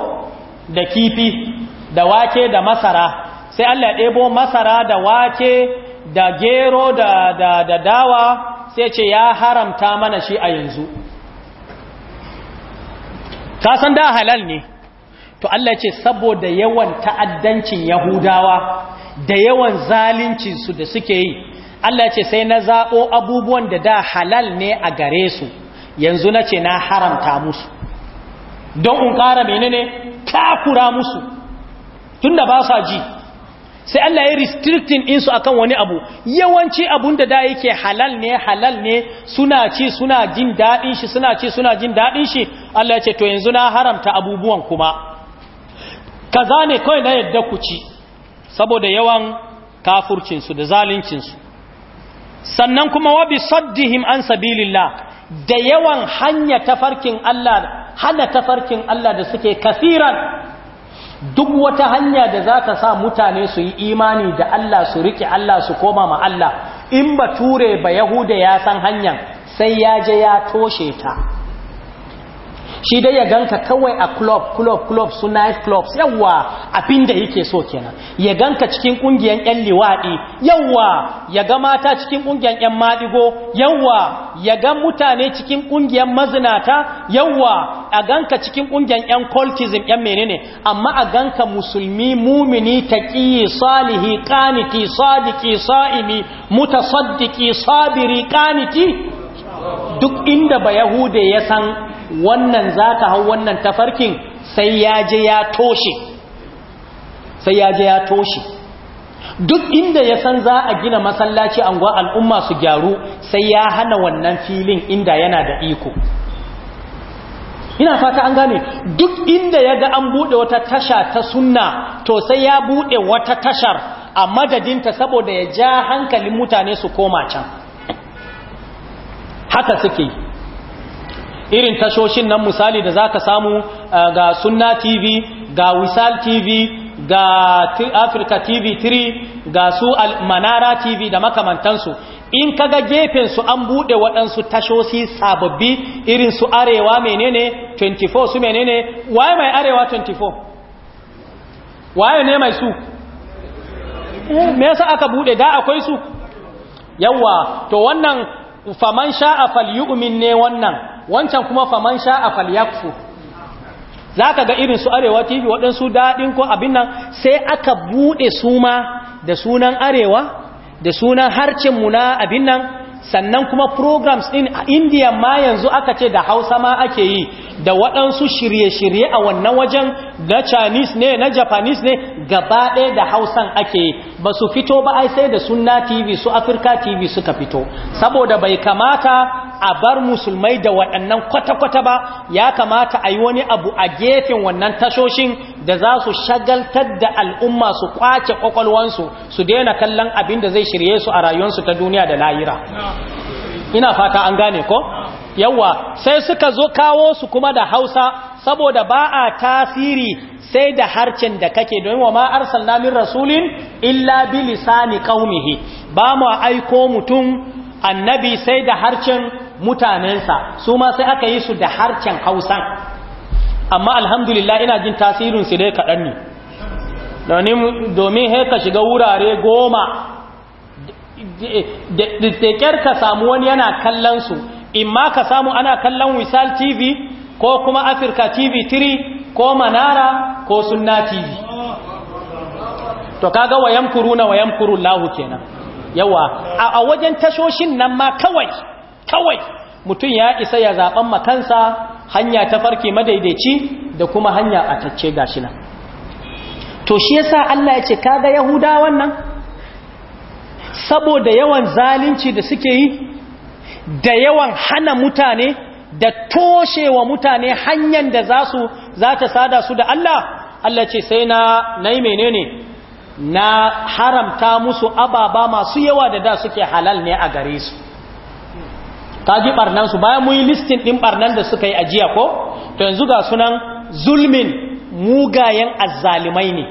da kifi da wake da masara sai Allah ɗebo masara da wake da gero da, da, da dawa sai ce ya haramta mana shi a yanzu ka san da halal ne to Allah ce saboda yawan ta'addancin yahudawa da yawan zalincinsu da suke yi Allah ce sai na zaɓo abubuwan da da halal ne a gare su yanzu na ce na haramta musu don in ƙara menene takura musu tunda ba sa ji sai Allah ya restricting insu akan wani abu yawanci abun da da yake halal ne halal ne suna ci suna jin daɗin shi suna ci suna jin daɗin shi Allah ya ce to yanzu na haramta abubuwan kuma kaza ne kawai na yadda ku ci saboda yawan kafurcinsu da zaluncinsu sannan kuma wa bi saddihim an sabilillah da yawan hanya tafarkin Allah hana tafarkin Allah da suke kasiran duk wata hanya da za ta sa mutane su yi imani da Allah su riƙe Allah su koma ma Allah in ba ture ba yahuda ya san hanyar sai ya je ya toshe ta shi dai ya ganka kawai a club club club su night clubs yawa abin da yake so kenan ya ganka cikin kungiyan yan liwadi yawa ya ga mata cikin kungiyan yan madigo yawa ya ga mutane cikin kungiyan mazinata yawa a ganka cikin kungiyan yan cultism yan menene amma a ganka musulmi mumini taqi salihi qaniti sadiki sa'imi mutasaddiqi sabiri qaniti duk inda ba yahude ya san wannan za ka hau wannan tafarkin sai ya je ya toshe sai ya je ya toshe duk inda ya san za a gina masallaci anguwa al'umma su gyaru sai ya hana wannan filin inda yana da iko ina fata an gane duk inda ya ga an buɗe wata tasha ta sunna to sai ya buɗe wata tashar a madadinta saboda ya ja hankalin mutane su koma can haka suke irin tashoshin nan misali da zaka samu eh, ga sunna tv ga wisal tv ga africa tv 3 ga su manara tv da makamantansu in kaga gefen su an bude waɗansu tashoshi sababbi irin su arewa menene 24 su menene waye mai arewa 24 waye ne mai su eh, me yasa aka bude da akwai su yawa to wannan faman sha'a falyu'min ne wannan wancan kuma faman sha'a falyakfu ka ga irin su arewa tv waɗansu daɗin ko abin nan sai aka buɗe su ma da sunan arewa da sunan harcinmu mu na abin nan sannan kuma programs ɗin a indiya ma yanzu aka ce da hausa ma ake yi da waɗansu shirye-shirye a wannan wajen na chinese ne na japanese ne gaba ɗaya da hausan ake yi ba su fito ba ai sai da sunna tv su afirka tv suka fito saboda bai kamata a bar musulmai da waɗannan kwata-kwata ba ya kamata a yi wani abu a gefen wannan tashoshin da za su shagaltar da al'umma su kwace ƙwaƙwalwansu su daina kallon abin da zai shirye su a rayuwarsu ta duniya da lahira ina fata an gane ko yawa sai suka zo kawo su kuma da hausa saboda ba a tasiri sai da harcin da kake don wa ma'ar sallamin rasulin illa bilisani lisani ba mu aiko mutum annabi sai da harcin mutanensa su ma sai aka yi su da harcen hausan amma alhamdulillah ina jin tasirinsu dai kaɗan ne domin haika shiga wurare goma da ƙyar ka samu wani yana kallon su in ma ka samu ana kallon wisal tv ko kuma afirka tv 3 ko manara ko sunna tv to kaga wayan kuruna wayan kurullahu kenan yawa a wajen tashoshin nan ma kawai kawai mutum ya isa ya zaɓen makansa hanya ta farke madaidaici da kuma hanya a tacce gashi nan to shi yasa Allah ya ce kaga yahuda wannan saboda yawan zalunci da suke yi da yawan hana mutane da toshewa mutane hanyar da za su za ta sada su da Allah Allah ce sai na nayi menene na haramta musu ababa masu yawa da da suke halal ne a gare su ta ji barnan su bayan muyi listin din barnan da suka yi ajiya ko to yanzu ga sunan zulmin mugayen azzalimai ne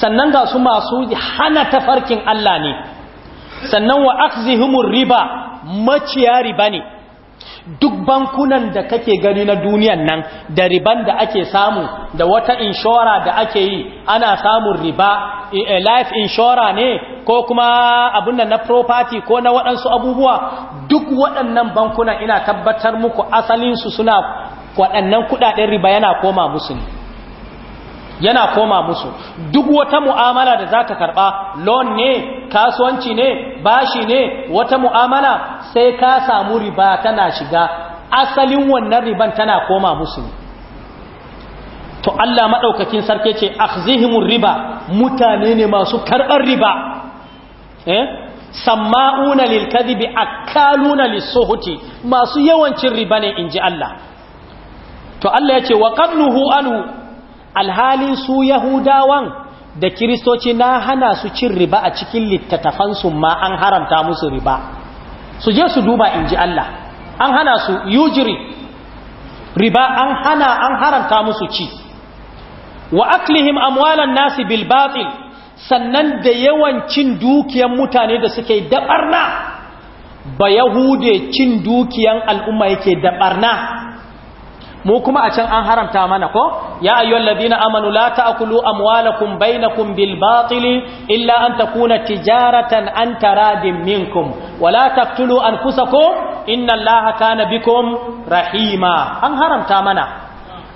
sannan ga su masu hana tafarkin Allah ne sannan wa akzihimur riba maciya riba ne duk bankunan da kake gani na duniyan nan da riban da ake samu da wata inshora da ake yi ana samun riba e, e, life inshora ne ko kuma abin na property ko na waɗansu abubuwa duk waɗannan bankunan ina tabbatar muku asalinsu suna waɗannan kuɗaɗen riba yana koma musu ne yana koma musu duk wata mu'amala da zaka karɓa loan ne kasuwanci ne bashi ne wata mu'amala sai ka samu riba tana shiga asalin wannan riban tana koma musu to Allah madaukakin sarki ce akhzihimur riba mutane ne masu karbar riba eh samma'una lil kadhibi akaluna masu yawancin riba ne inji Allah to Allah ya ce wa qadnuhu anhu alhalin su yahudawan da kiristoci na hana su cin riba a cikin littattafansu ma an haramta musu riba su je su duba in ji Allah an hana su yujiri riba an hana an haramta musu ci wa aklihim amwalan nasi bil batil sannan da yawan cin dukiyan mutane da suke barna ba yahude cin dukiyan al'umma yake da barna mu kuma a can an haramta mana ko ya ayyuhal ladina amanu la ta'kulu amwalakum bainakum bil batili illa an takuna tijaratan an taradin minkum wa la taqtulu anfusakum inna allaha kana bikum rahima an haramta mana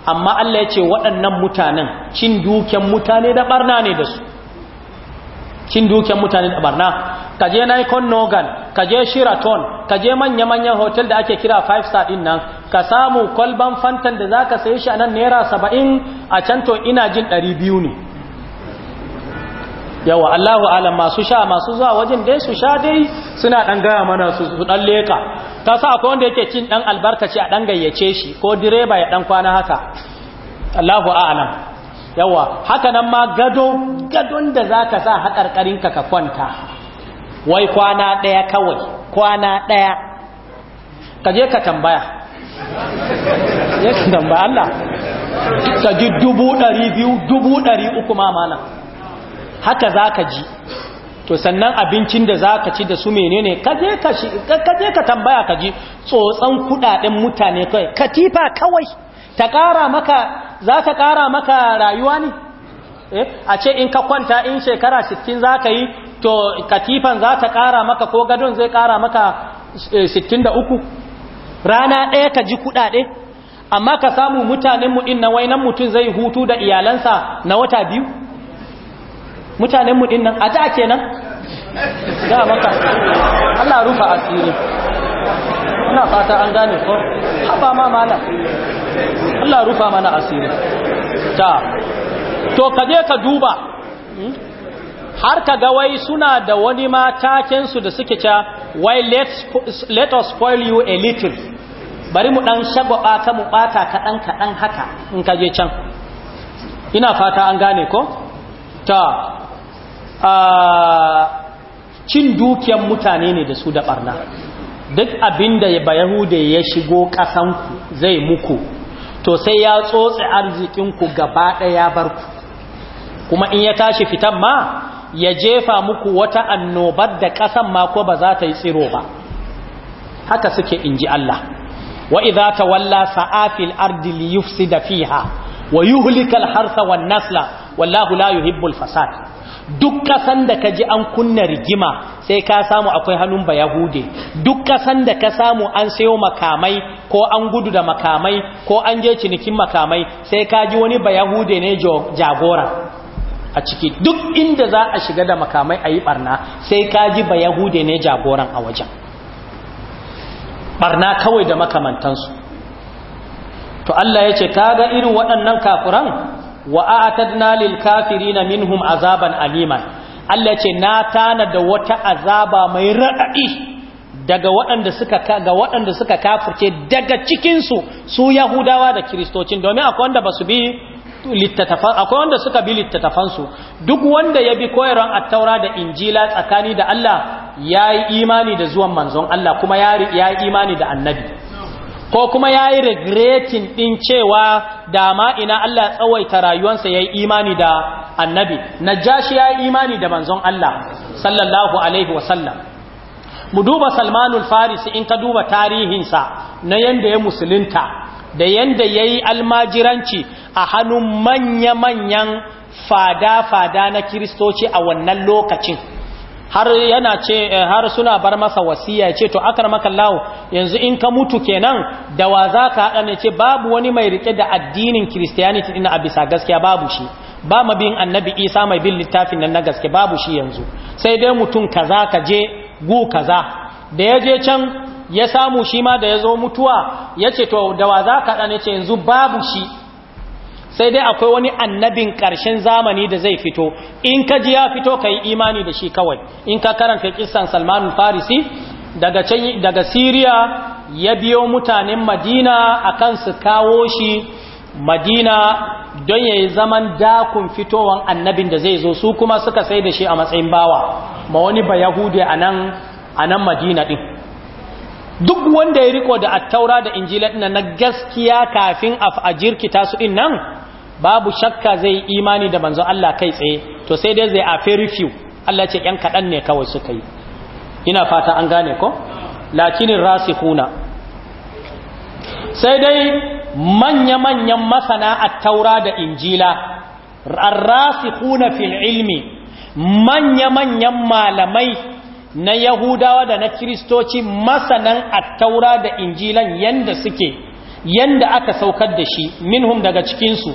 amma Allah ya ce waɗannan mutanen cin duken mutane da barna ne da su cin duken mutane da barna kaje Nicon Nogan kaje Sheraton kaje manya-manyan hotel da ake kira five star din nan ka samu kwalban fantan da za ka sai shi a nan naira saba'in a canto ina jin ɗari biyu ne yawa allahu alam masu sha masu zuwa wajen dai su sha dai suna ɗan gaya mana su ɗan leka ta sa akwai wanda yake cin ɗan albarkaci a ɗan gayyace shi ko direba ya ɗan kwana haka allahu alam yawa haka nan ma gado gadon da za ka sa haƙarƙarinka ka kwanta wai kwana ɗaya kawai kwana ɗaya ka je ka tambaya ya don ba Allah ka ji dubu ɗari biyu dubu ɗari uku mamana haka za ka ji to sannan abincin da za ka ci da su menene ka je ka tambaya ka ji tsotson kudaden mutane kawai katifa kawai ta ƙara maka za ta ƙara maka rayuwa ne eh, a ce in ka kwanta in shekara 60 za ka yi to katifan za ta ƙara maka ko gadon zai kara maka eh, sittin da uku? rana ɗaya ka ji kuɗaɗe amma ka samu mutanenmu inna wainan mutum zai hutu da iyalansa na wata biyu mutanenmu ɗin nan a da kenan da maka Allah rufa asiri ina fata an gane ko haba ma mala Allah rufa mana asiri ta to kaje ka duba hmm? har ka ga wai suna da wani matakensu da suke ca why let us spoil you a little bari mu ɗan shagwaba ka mu ɓata kaɗan-kaɗan haka in ka je can ina fata an gane ko? ta cin dukiyan mutane ne da su da barna duk abinda da ba yahuda ya shigo ƙasanku zai muku to sai ya tsotse arzikinku gaba ɗaya barku kuma in ya tashi fitan ma ya jefa muku wata annobar da ƙasan mako ba za ta yi tsiro ba haka suke in ji Allah wa idza tawalla sa'afil ardi li yufsida fiha wa yuhlikal harsa wan nasla wallahu la yuhibbul fasad duk kasan da ka ji an kunna rigima sai ka samu akwai hannun ba yahude duk kasan da ka samu an sayo makamai ko an gudu da makamai ko an je cinikin makamai sai ka ji wani ba yahude ne jagora a ciki duk inda za a shiga da makamai a yi barna sai ka ji ba yahude ne jagoran a wajen barna kawai da makamantansu to Allah ya ce kaga irin waɗannan kafiran wa a'tadna lil na minhum azaban aliman Allah ya ce na tana da wata azaba mai raɗaɗi daga waɗanda suka ga waɗanda suka kafirce daga cikinsu su Yahudawa da Kiristocin domin akwai wanda ba su bi littattafan akwai wanda suka bi littattafansu duk wanda ya bi koyarwan attaura da injila tsakani da Allah ya yi imani da zuwan manzon Allah kuma ya yi imani da annabi ko kuma ya yi regretin ɗin cewa dama ina Allah tsawaita rayuwansa ya yi imani da annabi Najjashi ya yi imani da manzon Allah sallallahu alaihi wasallam mu duba salmanul farisi in ka duba tarihinsa na yadda ya musulunta da yanda ya yi almajiranci a hannun manya-manyan fada-fada na kiristoci a wannan lokacin har yana ce eh, har suna bar masa wasiya ce to akar lawo yanzu in ka mutu kenan da wa za ka haɗa ne ce babu wani mai rike da addinin kiristiyaniti ɗin a bisa gaskiya babu shi ba bin annabi isa mai bin littafin nan na gaske babu shi yanzu sai dai mutum kaza ka je gu kaza da ya je can ya samu shi ma da ya zo mutuwa ya ce to da wa za ka ɗane ce yanzu babu shi sai dai akwai wani annabin ƙarshen zamani da zai fito in ka ji ya fito ka yi imani da shi kawai in ka karanta kisan salmanin farisi daga, siriya ya biyo mutanen madina a kan su kawo shi madina don ya yi zaman dakun fitowan annabin da zai zo su kuma suka sai da shi a matsayin bawa ma wani ba yahudu a nan madina ɗin duk wanda ya riko da attaura da injila ɗina na gaskiya kafin a jirkita tasu ɗin nan babu shakka zai yi imani da manzo Allah kai tsaye to sai dai zai a very few Allah ce ‘yan kaɗan ne kawai suka yi ina fata an gane ko lakinin kuna sai dai manya-manyan masana attaura da injila kuna fil ilmi manya-manyan malamai na yahudawa da na kiristoci masanan attaura da injilan yanda suke yanda aka saukar da shi minhum daga cikinsu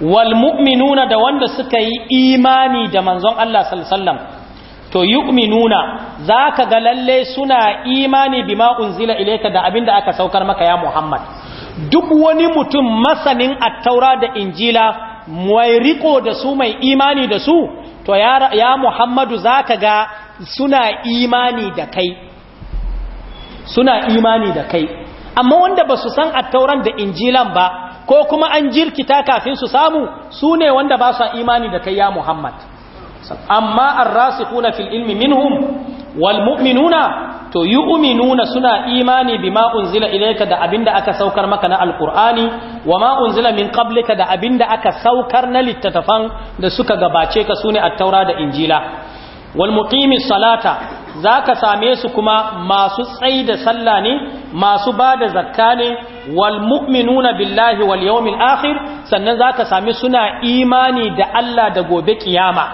wal mu'minuna da wanda suka yi imani da manzon Allah sallallahu to yu'minuna zaka ga lalle suna imani bima unzila ilayka da abinda aka saukar maka ya Muhammad duk wani mutum masanin attaura da injila mai riko da su mai imani da su to ya, ya Muhammadu zaka ga suna imani da kai suna imani da kai amma wanda ba su san attauran da injilan ba ko kuma an jirkita kafin su samu su ne wanda ba su imani da kai ya muhammad amma arrasikuna fil ilmi minhum wal mu'minuna to yu'minuna suna imani bima unzila ilayka da da aka saukar maka na alqur'ani wama unzila min qablika da abinda aka saukar na littattafan da suka gabace ka sune a taura da injila wal muqimi salata zaka same su kuma masu tsaida da sallah ne masu bada zakka ne wal billahi wal yawmil akhir sannan zaka same suna imani da Allah da gobe kiyama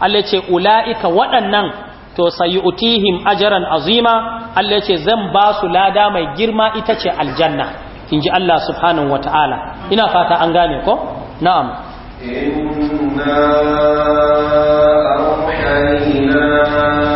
Allah ce ulaika waɗannan to sayu'tihim ajran azima Allah ce zan ba su lada mai girma ita ce aljanna inji Allah subhanahu wataala ina fata an gane ko na'am inna Amen.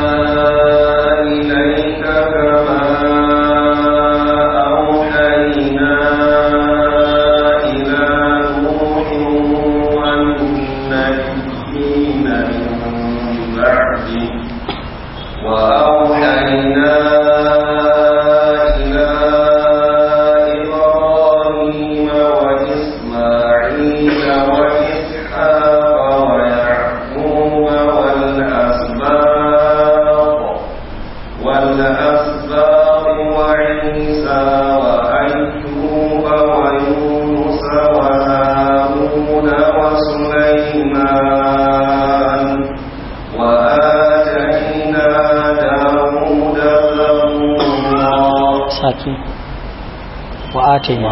Ate yana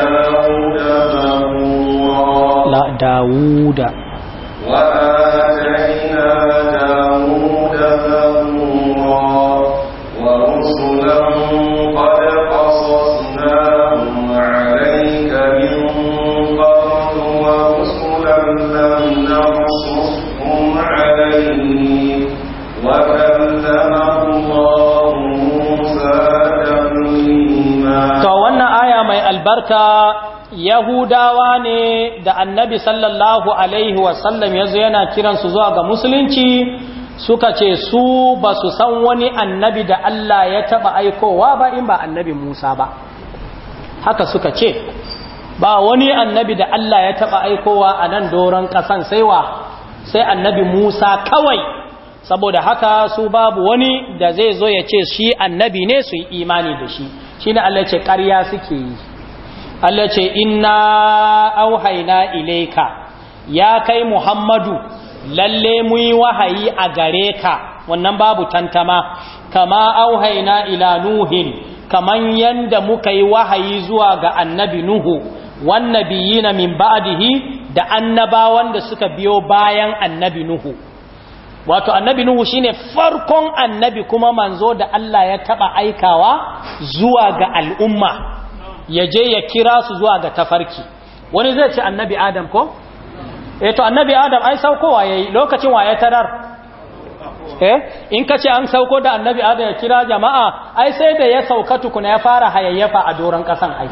dauda masuwa. Na dauda. ta yahudawa ne da annabi sallallahu alaihi wasallam ya yana kiransu zuwa ga musulunci suka ce su ba su san wani annabi da Allah ya taba aikowa ba in ba annabi Musa ba haka suka ce ba wani annabi da Allah ya taba aikowa a nan doron ƙasan saiwa sai annabi Musa kawai saboda haka su babu wani da zai zo ya ce shi annabi ne su yi imani da shi shi ne Allah ce ƙarya suke yi Allah ce inna auhaina ilaika ya kai Muhammadu lalle muyi wahayi a gare ka wannan babu tantama kama auhaina ila nuhin kaman yanda muka yi wahayi zuwa ga annabi nuhu wannabiyina min ba'dihi da annabawan da suka biyo bayan annabi nuhu wato annabi nuhu shine farkon annabi kuma manzo da Allah ya taba aikawa zuwa ga al'umma ya je ya kira su zuwa ga tafarki wani zai ce annabi adam ko eh to annabi adam ai saukowa yi lokacin waye tarar eh in kace an sauko da annabi adam ya kira jama'a ai sai da ya sauka tukuna ya fara hayayyafa a doron kasan ai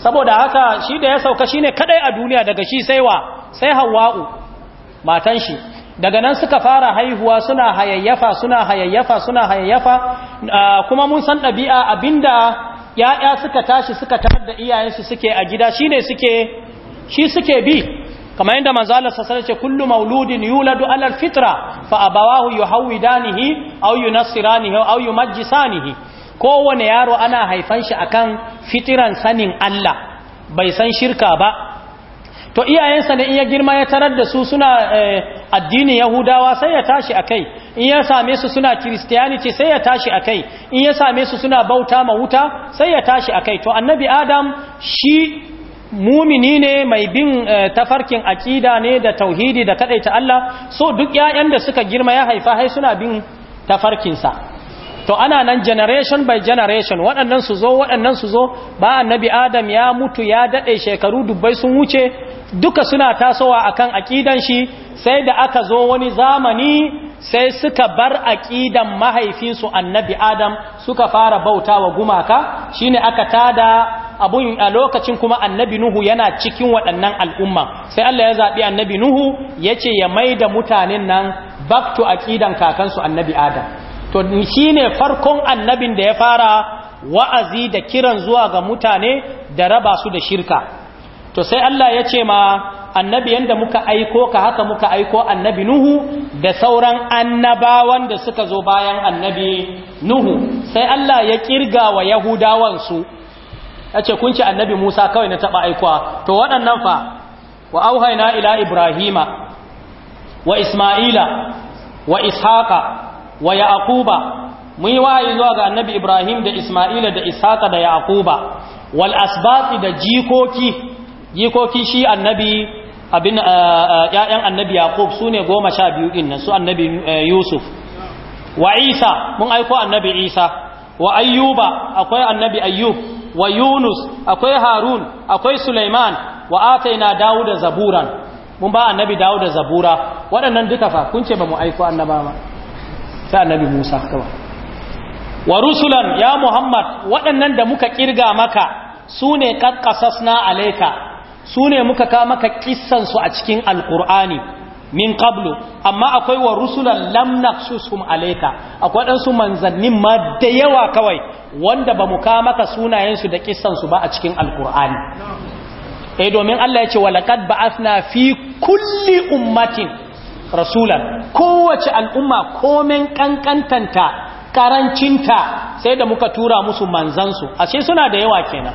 saboda haka shi da ya sauka shine kadai a duniya daga shi sai wa sai hawwa'u matan shi daga nan suka fara haihuwa suna hayayyafa suna hayayyafa suna hayayyafa ah, kuma mun san ɗabi'a abinda ya'ya suka tashi suka tarar da iyayensu suke a gida ne suke shi suke bi kamar yadda manzo Allah ce kullum mauludin yuladu alar fitra fa abawahu yuhawidanihi aw yunassiranihi aw yumajjisanihi kowane yaro ana haifan shi akan fitiran sanin Allah bai san shirka ba to iyayensa ne iya girma ya tarar da su suna eh, addinin yahudawa sai ya tashi a kai in ya same su suna kiristiyaniti sai ya tashi a kai in ya same su suna bauta ma wuta sai ya tashi a kai to annabi adam shi mumini ne mai bin eh, tafarkin aƙida ne da tauhidi da ta Allah so duk 'ya'yan da suka girma ya haifa hai suna bin tafarkinsa to ana nan generation by generation waɗannan su zo waɗannan su zo ba annabi adam ya mutu ya daɗe shekaru dubbai sun wuce duka suna tasowa akan aƙidan shi sai da aka zo wani zamani sai suka bar aƙidan mahaifinsu annabi adam suka fara bauta wa gumaka shine aka tada abun a lokacin kuma annabi nuhu yana cikin waɗannan al'umma sai Allah ya zaɓi annabi nuhu yace ya maida mutanen nan back to aƙidan kakansu annabi adam to shine farkon annabin da ya fara wa'azi da kiran zuwa ga mutane da raba su da shirka to sai Allah ya ce ma annabi yanda muka aiko ka haka muka aiko annabi Nuhu da sauran annabawan da suka zo bayan annabi Nuhu sai Allah ya kirga wa Yahudawan su yace kun ci annabi Musa kawai na taba aikowa to waɗannan fa wa auhaina ila Ibrahima wa Isma'ila wa Ishaqa wa Yaquba mun yi wahayi zuwa ga annabi Ibrahim da Isma'ila da Ishaqa da Yaquba wal asbati da jikoki jikokin shi annabi abin eh, eh, ƴaƴan annabi yaqub sune goma sha biyu din nan su annabi eh, yusuf wa isa mun aiko annabi isa wa ayyuba akwai annabi ayyub wa yunus akwai harun akwai sulaiman wa ataina da zaburan mun ba annabi da zabura waɗannan duka fa kun ce ba mu aiko annaba ma sai annabi musa kawai wa rusulan ya muhammad waɗannan da muka kirga maka su ne kakkasasna alaika su ne muka ka maka kissansu a cikin alkur'ani min qablu amma akwai wa rusulan lam naqsusum alayka akwai dan su manzannin ma da yawa kawai wanda bamu ka maka sunayen su da kissan su ba a cikin alkur'ani eh domin Allah ya ce walaqad ba'athna fi kulli ummatin rasulan kowace al'umma komen kankantanta karancinta sai da muka tura musu manzansu ashe suna da yawa kenan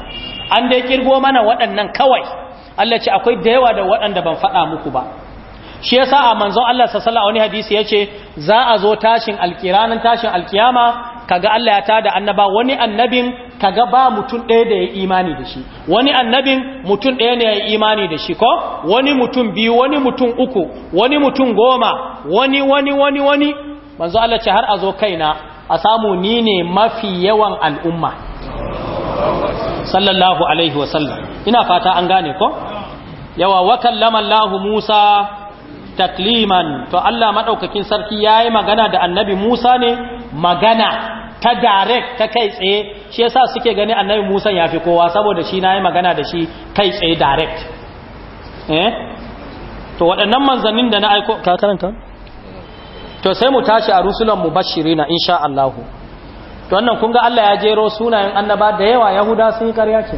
an dai kirgo mana waɗannan kawai Allah ce akwai da yawa da waɗanda ban faɗa muku ba shi yasa a manzon Allah sallallahu alaihi wani hadisi yace za a zo tashin alkiranin tashin alkiyama kaga Allah ya tada annaba wani annabin kaga ba mutum ɗaya da ya imani da shi wani annabin mutum ɗaya ne ya imani da shi ko wani mutum biyu wani mutum uku wani mutum goma wani wani wani wani manzo Allah ce har a zo kaina a samu ni ne mafi yawan al'umma sallallahu alaihi ina fata an gane ko yawa wa Musa takliman to Allah madaukakin sarki yayi magana da annabi Musa ne magana ta direct ta kai tsaye shi yasa suke gani annabi Musa fi kowa saboda shi nayi magana da shi kai tsaye direct eh to waɗannan manzannin da na aiko ka karanta to sai mu tashi a rusulan mubashirina insha Allah to wannan kun ga Allah ya jero sunayen annaba da yawa yahuda sun yi ƙarya ce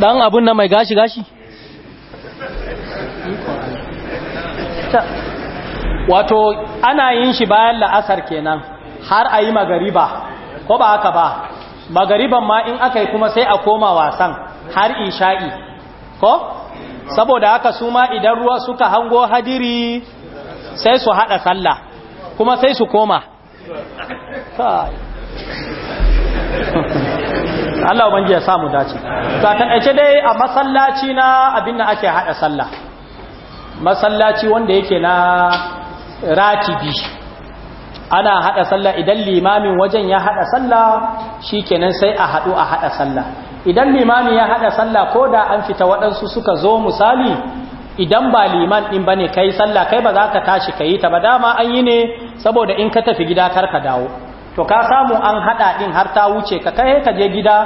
dan abun nan mai gashi gashi wato ana yin shi bayan la'asar kenan har a yi magariba ko ba haka ba magariban ma in aka yi kuma sai a koma wasan har isha'i ko saboda haka su ma idan ruwa suka hango hadiri sai su haɗa sallah kuma sai su koma Allah ubangiji ya samu dace ta ake dai a masallaci na abin da ake hada sallah masallaci wanda yake na ratibi ana hada sallah idan limamin wajen ya hada sallah shikenan sai a haɗu a hada sallah idan limamin ya hada sallah ko da an fita waɗansu suka zo misali idan ba liman din bane kai sallah kai ba za ka tashi ka yi ta ba dama an yi ne saboda in ka tafi gida kar ka dawo to ka samu an haɗa ɗin har ta wuce ka kai ka je gida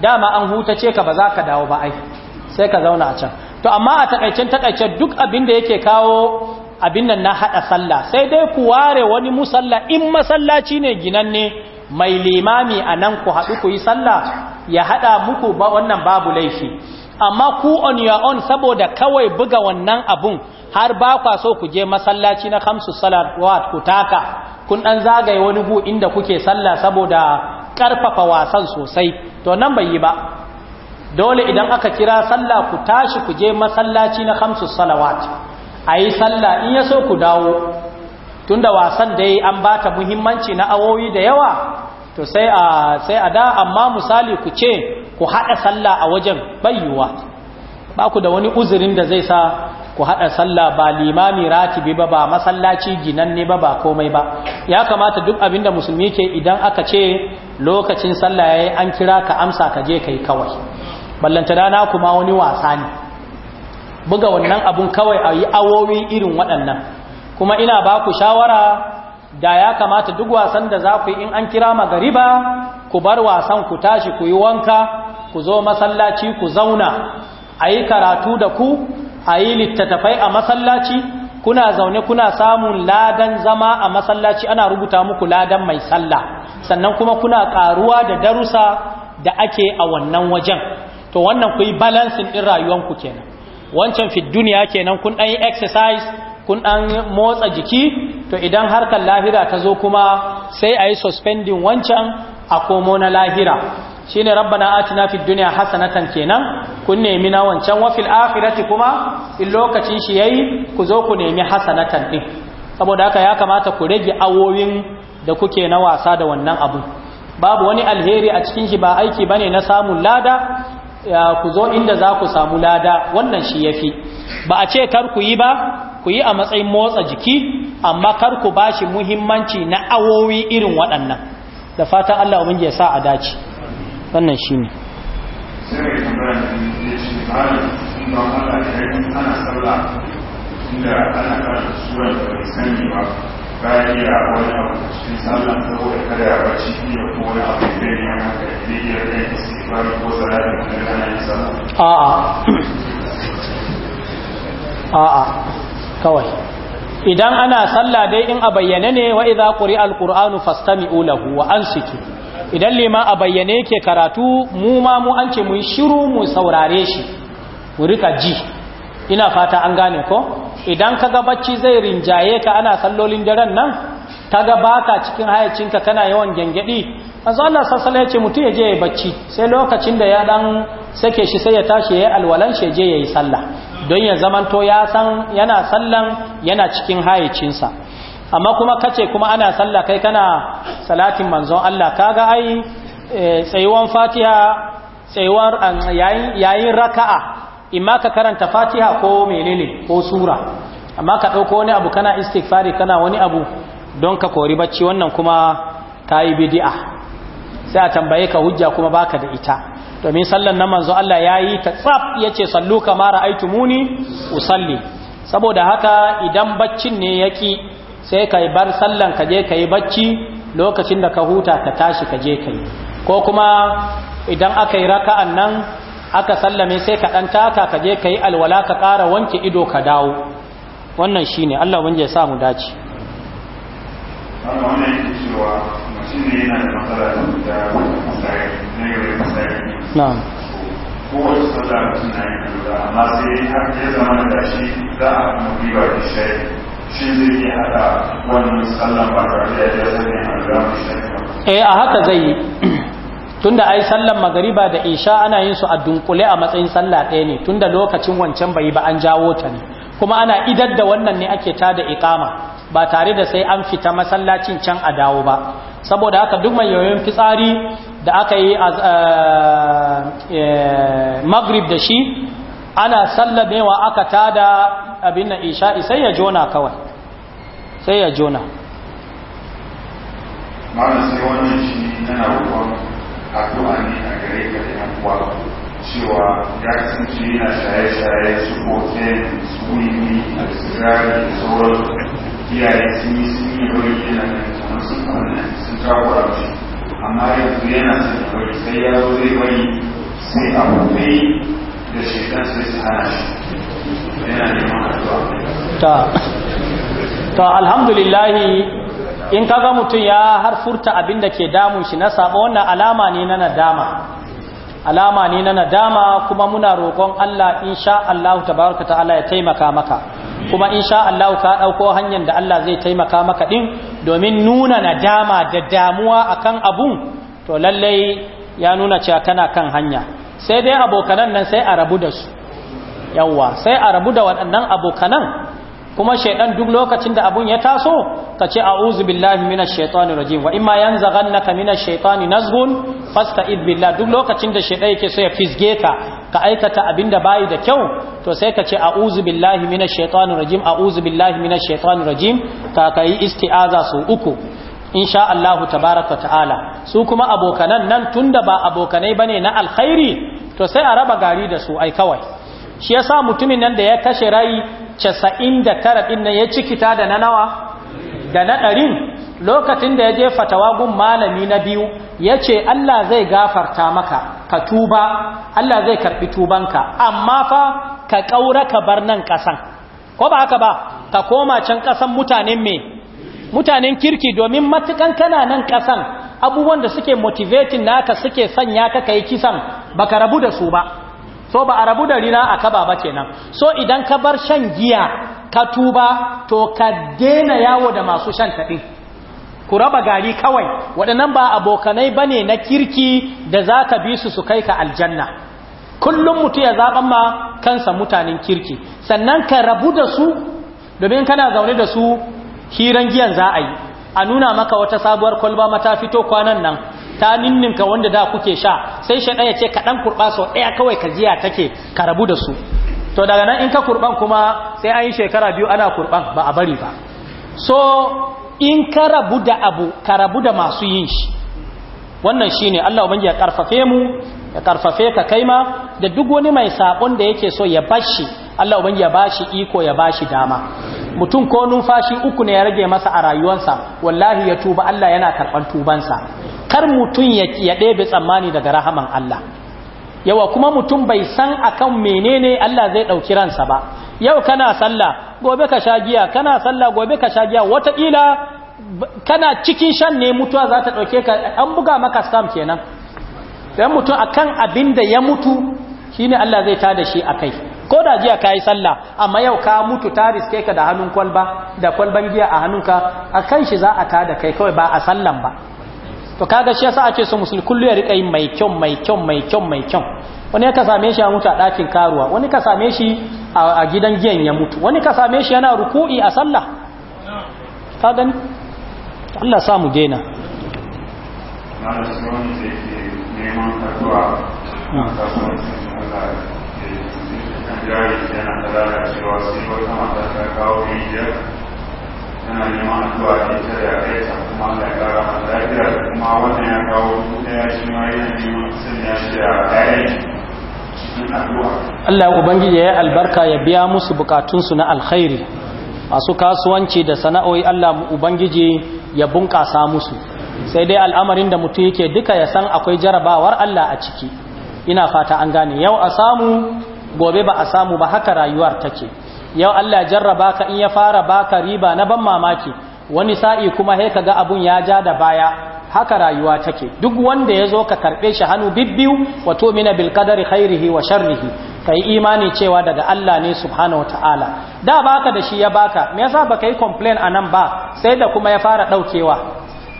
dama an hutace ka ba za ka dawo ba ai sai ka zauna a can to amma a takaicen takaice duk abin da yake kawo abin nan na haɗa sallah sai dai ku ware wani musalla in masallaci ne ne mai limami a nan ku haɗu ku yi sallah ya haɗa muku ba wannan babu laifi amma ku on your own saboda kawai buga wannan abun har ba kwa so ku je masallaci na kamsu wa ku taka kun ɗan zagaye wani bu inda kuke sallah saboda ƙarfafa wasan sosai to nan bai yi ba dole idan aka kira sallah ku tashi ku je masallaci na khamsu salawat ayi sallah in ya so ku dawo tunda wasan da dai an bata muhimmanci na awowi da yawa to sai a sai a da amma misali ku ce ku haɗa sallah a wajen bayyuwa ba ku da wani uzurin da zai sa ku haɗa sallah ba limami ratibi ba ba masallaci ginanne ba ba komai ba ya kamata duk abin da musulmi ke idan aka ce lokacin sallah yayi an kira ka amsa ka je kai yi kawai ballantana na kuma wani wasa ne buga wannan abun kawai a yi awowi irin waɗannan kuma ina ba ku shawara da ya kamata duk wasan da za ku yi in an kira magariba ku bar wasan ku tashi ku yi wanka ku zo masallaci ku zauna a yi karatu da ku a yi littattafai a masallaci kuna zaune kuna samun ladan zama a masallaci ana rubuta muku ladan mai sallah sannan kuma kuna karuwa da darusa da ake a wannan wajen to wannan ku balansin ɗin rayuwanku kenan wancan fi duniya kenan kun ɗan yi exercise kun ɗan motsa jiki to idan harkar lahira ta zo kuma sai a yi suspending wancan a komo na lahira shi ne shine na atina fi duniya hasanatan kenan kun nemi na wancan wafil akhirati kuma in lokacin shi yayi ku zo ku nemi hasanatan din saboda haka ya kamata ku rage awowin da kuke na wasa da wannan abu babu wani alheri a cikin shi ba aiki bane na samun lada ku zo inda za ku samu lada wannan shi yafi ba a ce kar ku yi ba ku yi a matsayin motsa jiki amma kar ku bashi muhimmanci na awowi irin waɗannan da fatan Allah ubangiji ya sa a dace wannan shine sai tambaya ce malam in ba ana sallah inda ana da bai sani ba bayan wani abu cikin sallah saboda kada ya iya ko wani abu da ya da ya ko da sallah a'a a'a kawai idan ana sallah dai in a bayyane ne wa idza quri'a al-qur'anu fastami'u lahu wa ansitu idan lema a bayyane ke karatu mu ma mu an ce mu shiru mu saurare shi mu rika ji ina fata an gane ko idan ka ga bacci zai rinjaye ka ana sallolin daren nan kaga baka cikin hayacinka kana yawan gyangyaɗi. manzo Allah sallallahu alaihi mutum ya je ya bacci sai lokacin da ya dan sake shi sai ya tashi ya alwalan shi je yayi sallah don ya zamanto ya san yana sallan yana cikin hayacinsa amma kuma kace kuma ana sallah kai kana salatin manzon Allah kaga ai eh, tsayuwan fatiha tsayuwar yayin raka'a imma ka karanta fatiha ko menene ko sura amma ka ɗauko wani abu kana istighfari kana wani abu don ka kori bacci wannan kuma tayi yi bidi'a sai a tambaye ka hujja kuma baka da ita domin sallan na manzo Allah yayi yi ta tsaf yace ce sallu kamar aitumuni usalli saboda haka idan baccin ne yaki sai ka bar sallan ka je ka yi bacci lokacin da ka huta ka tashi ka je ka yi ko kuma idan aka yi raka'an nan aka sallame sai ka ɗan taka ka je ka yi alwala ka ƙara wanke ido ka dawo wannan shi ne allah wanda ya sa mu dace kowace sallar mutum na yi amma sai har ke zama da shi za a mu biyar da shayi Eh, a haka zai yi tunda ai sallan magariba da isha ana yin su a dunkule a matsayin sallah ɗaya ne tunda lokacin wancan bai ba an jawo ta ne kuma ana idar da wannan ne ake tada ikama ba tare da sai an fita masallacin can a dawo ba saboda haka duk mai yoyon fitsari da aka yi a eh, eh, magrib da shi ana sallamewa aka tada abin na isha'i sai ya jona kawai sai ya jona ma'ana sai wannan shi yana ruwan addu'a ne a gare ka da kuwa cewa ya shi yana shaye-shaye su kote su yi a tsirari da sauran iyaye sun yi sun yi wani yana da kamar sun kwanne sun jagora shi amma yanzu yana sun bari sai ya zo zai bari sai abu da shekan sai su hana shi ta to alhamdulillah in kaga mutum ya har furta abin da ke damun shi na sabo wannan alama ne na nadama alama ne na nadama kuma muna roƙon Allah insha Allah tabaraka ta'ala ya taimaka maka kuma insha Allah ka dauko hanyar da Allah zai taimaka maka din domin nuna nadama da damuwa akan abun to lallai ya nuna cewa kana kan hanya sai dai abokanan nan sai a rabu da su yawwa sai a rabu da waɗannan abokanan kuma shaidan duk lokacin da abun ya taso ka ce a'udhu billahi minash shaitani rajim wa imma yanzaghannaka minash shaitani nazghun fasta'id billah duk lokacin da shaidan yake so ya fisge ka ka aikata abinda bai da kyau to sai ka ce a'udhu billahi minash shaitani rajim a'udhu billahi minash shaitani rajim ka kai isti'aza su uku insha Allah tabaaraka ta'ala su kuma abokanan nan tunda ba abokanai bane na alkhairi to sai a raba gari da su ai kawai shi sa mutumin nan da ya kashe rai 99 ɗin nan ya cikita da na nawa da na ɗarin lokacin da ya je fatawa gun malami na biyu ya ce Allah zai gafarta maka ka tuba Allah zai karɓi tubanka amma fa ka ƙaura ka bar nan ƙasan ko ba haka ba ka koma can ƙasan mutanen me mutanen kirki domin matukan kana nan ƙasan abubuwan da suke motivating naka suke sanya ka kai kisan baka rabu da su ba so ba a rabu da rina a kaba ba kenan so idan ka bar shan giya ka tuba to ka dena yawo da masu shan taɗin ku raba gari kawai waɗannan ba abokanai ba ne na kirki da za ka bi su su kai ka aljanna kullum mutu ya zaɓan ma kansa mutanen kirki sannan ka rabu da su domin kana zaune da su hiran giyan za a yi a nuna maka wata sabuwar kwalba mata fito kwanan nan ta ninninka wanda da kuke sha sai shaɗa ya ce kaɗan kurɓa sau ɗaya kawai ka jiya take ka rabu da su to daga nan in ka kurɓan kuma sai an yi shekara biyu ana kurɓan ba a bari ba so in ka rabu da abu ka rabu da masu yin shi wannan shi ne Allah ubangi ya karfafe mu ya karfafe ka kaima da duk wani mai saɓon da yake so ya bashi Allah ubangi ya bashi iko ya shi dama mutum ko numfashi uku ne ya rage masa a rayuwarsa wallahi ya tuba Allah yana karban tubansa kar mutum ya ya ɗebe tsammani daga rahaman Allah yawa kuma mutum bai san akan menene Allah zai ɗauki ransa ba yau kana sallah gobe ka sha kana sallah gobe ka sha wata wataƙila kana cikin shan ne mutuwa za ta ɗauke ka an buga maka scam kenan dan mutum akan abin da ya mutu shine Allah zai tada shi akai ko da jiya ka yi sallah amma yau ka mutu ta riske ka da hannun kwalba da kwalban giya a hannunka a kan shi za a ta da kai kawai ba a sallan ba to kaga shi yasa ake so musulmi kullu ya rika yin mai kyau mai kyau mai kyau mai kyau wani ka same shi ya mutu a ɗakin karuwa wani ka same shi a gidan giyan ya mutu wani ka same shi yana ruku'i a sallah ka gani Allah sa mu daina na da neman jari yana da lalacewa sai wata mata ta kawo rijiyar tana neman addu'a da ita da kai ta kuma Allah ya kara mata lafiya kuma wannan ya kawo ya shi ma yana neman ya shi a kayan Allah Ubangiji ya yi albarka ya biya musu bukatunsu na alkhairi masu kasuwanci da sana'o'i Allah Ubangiji ya bunƙasa musu sai dai al'amarin da mutum yake duka ya san akwai jarabawar Allah a ciki ina fata an gane yau a samu gobe ba a samu ba haka rayuwar take yau Allah jarraba ka in ya fara baka riba na ban mamaki wani sa'i kuma he kaga abun ya ja da baya haka rayuwa take duk wanda ya zo ka karbe shi hannu bibbiu wato mina bil qadari khairihi wa sharrihi kai imani cewa daga Allah ne subhanahu wataala da baka da shi ya baka me yasa baka yi complain anan ba sai da kuma ya fara daukewa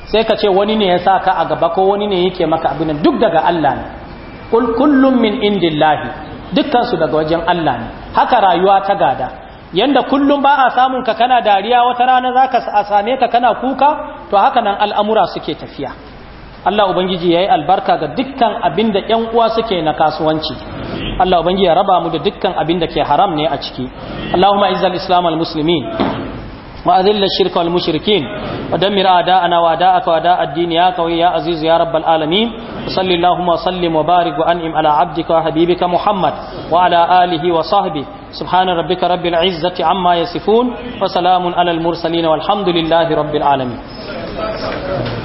sai ka ce wani ne ya ka a gaba ko wani ne yake maka abin duk daga Allah ne kul kullum min indillahi dukkansu daga wajen Allah ne haka rayuwa ta gada yanda kullum ba a samun ka kana dariya wata rana zaka a same ka kana kuka to haka nan al'amura suke tafiya Allah Ubangiji ya albarka ga dukkan abin da ‘yan uwa suke na kasuwanci. Allah Ubangiji ya raba mu da dukkan abin da ke haram ne a ciki. Allahumma izzal islamal muslimin وأذل الشرك والمشركين ودمر أعداءنا وأعداءك وأعداء الدين يا قوي يا عزيز يا رب العالمين وصلي اللهم وسلم وبارك وأنعم على عبدك وحبيبك محمد وعلى آله وصحبه سبحان ربك رب العزة عما يصفون وسلام على المرسلين والحمد لله رب العالمين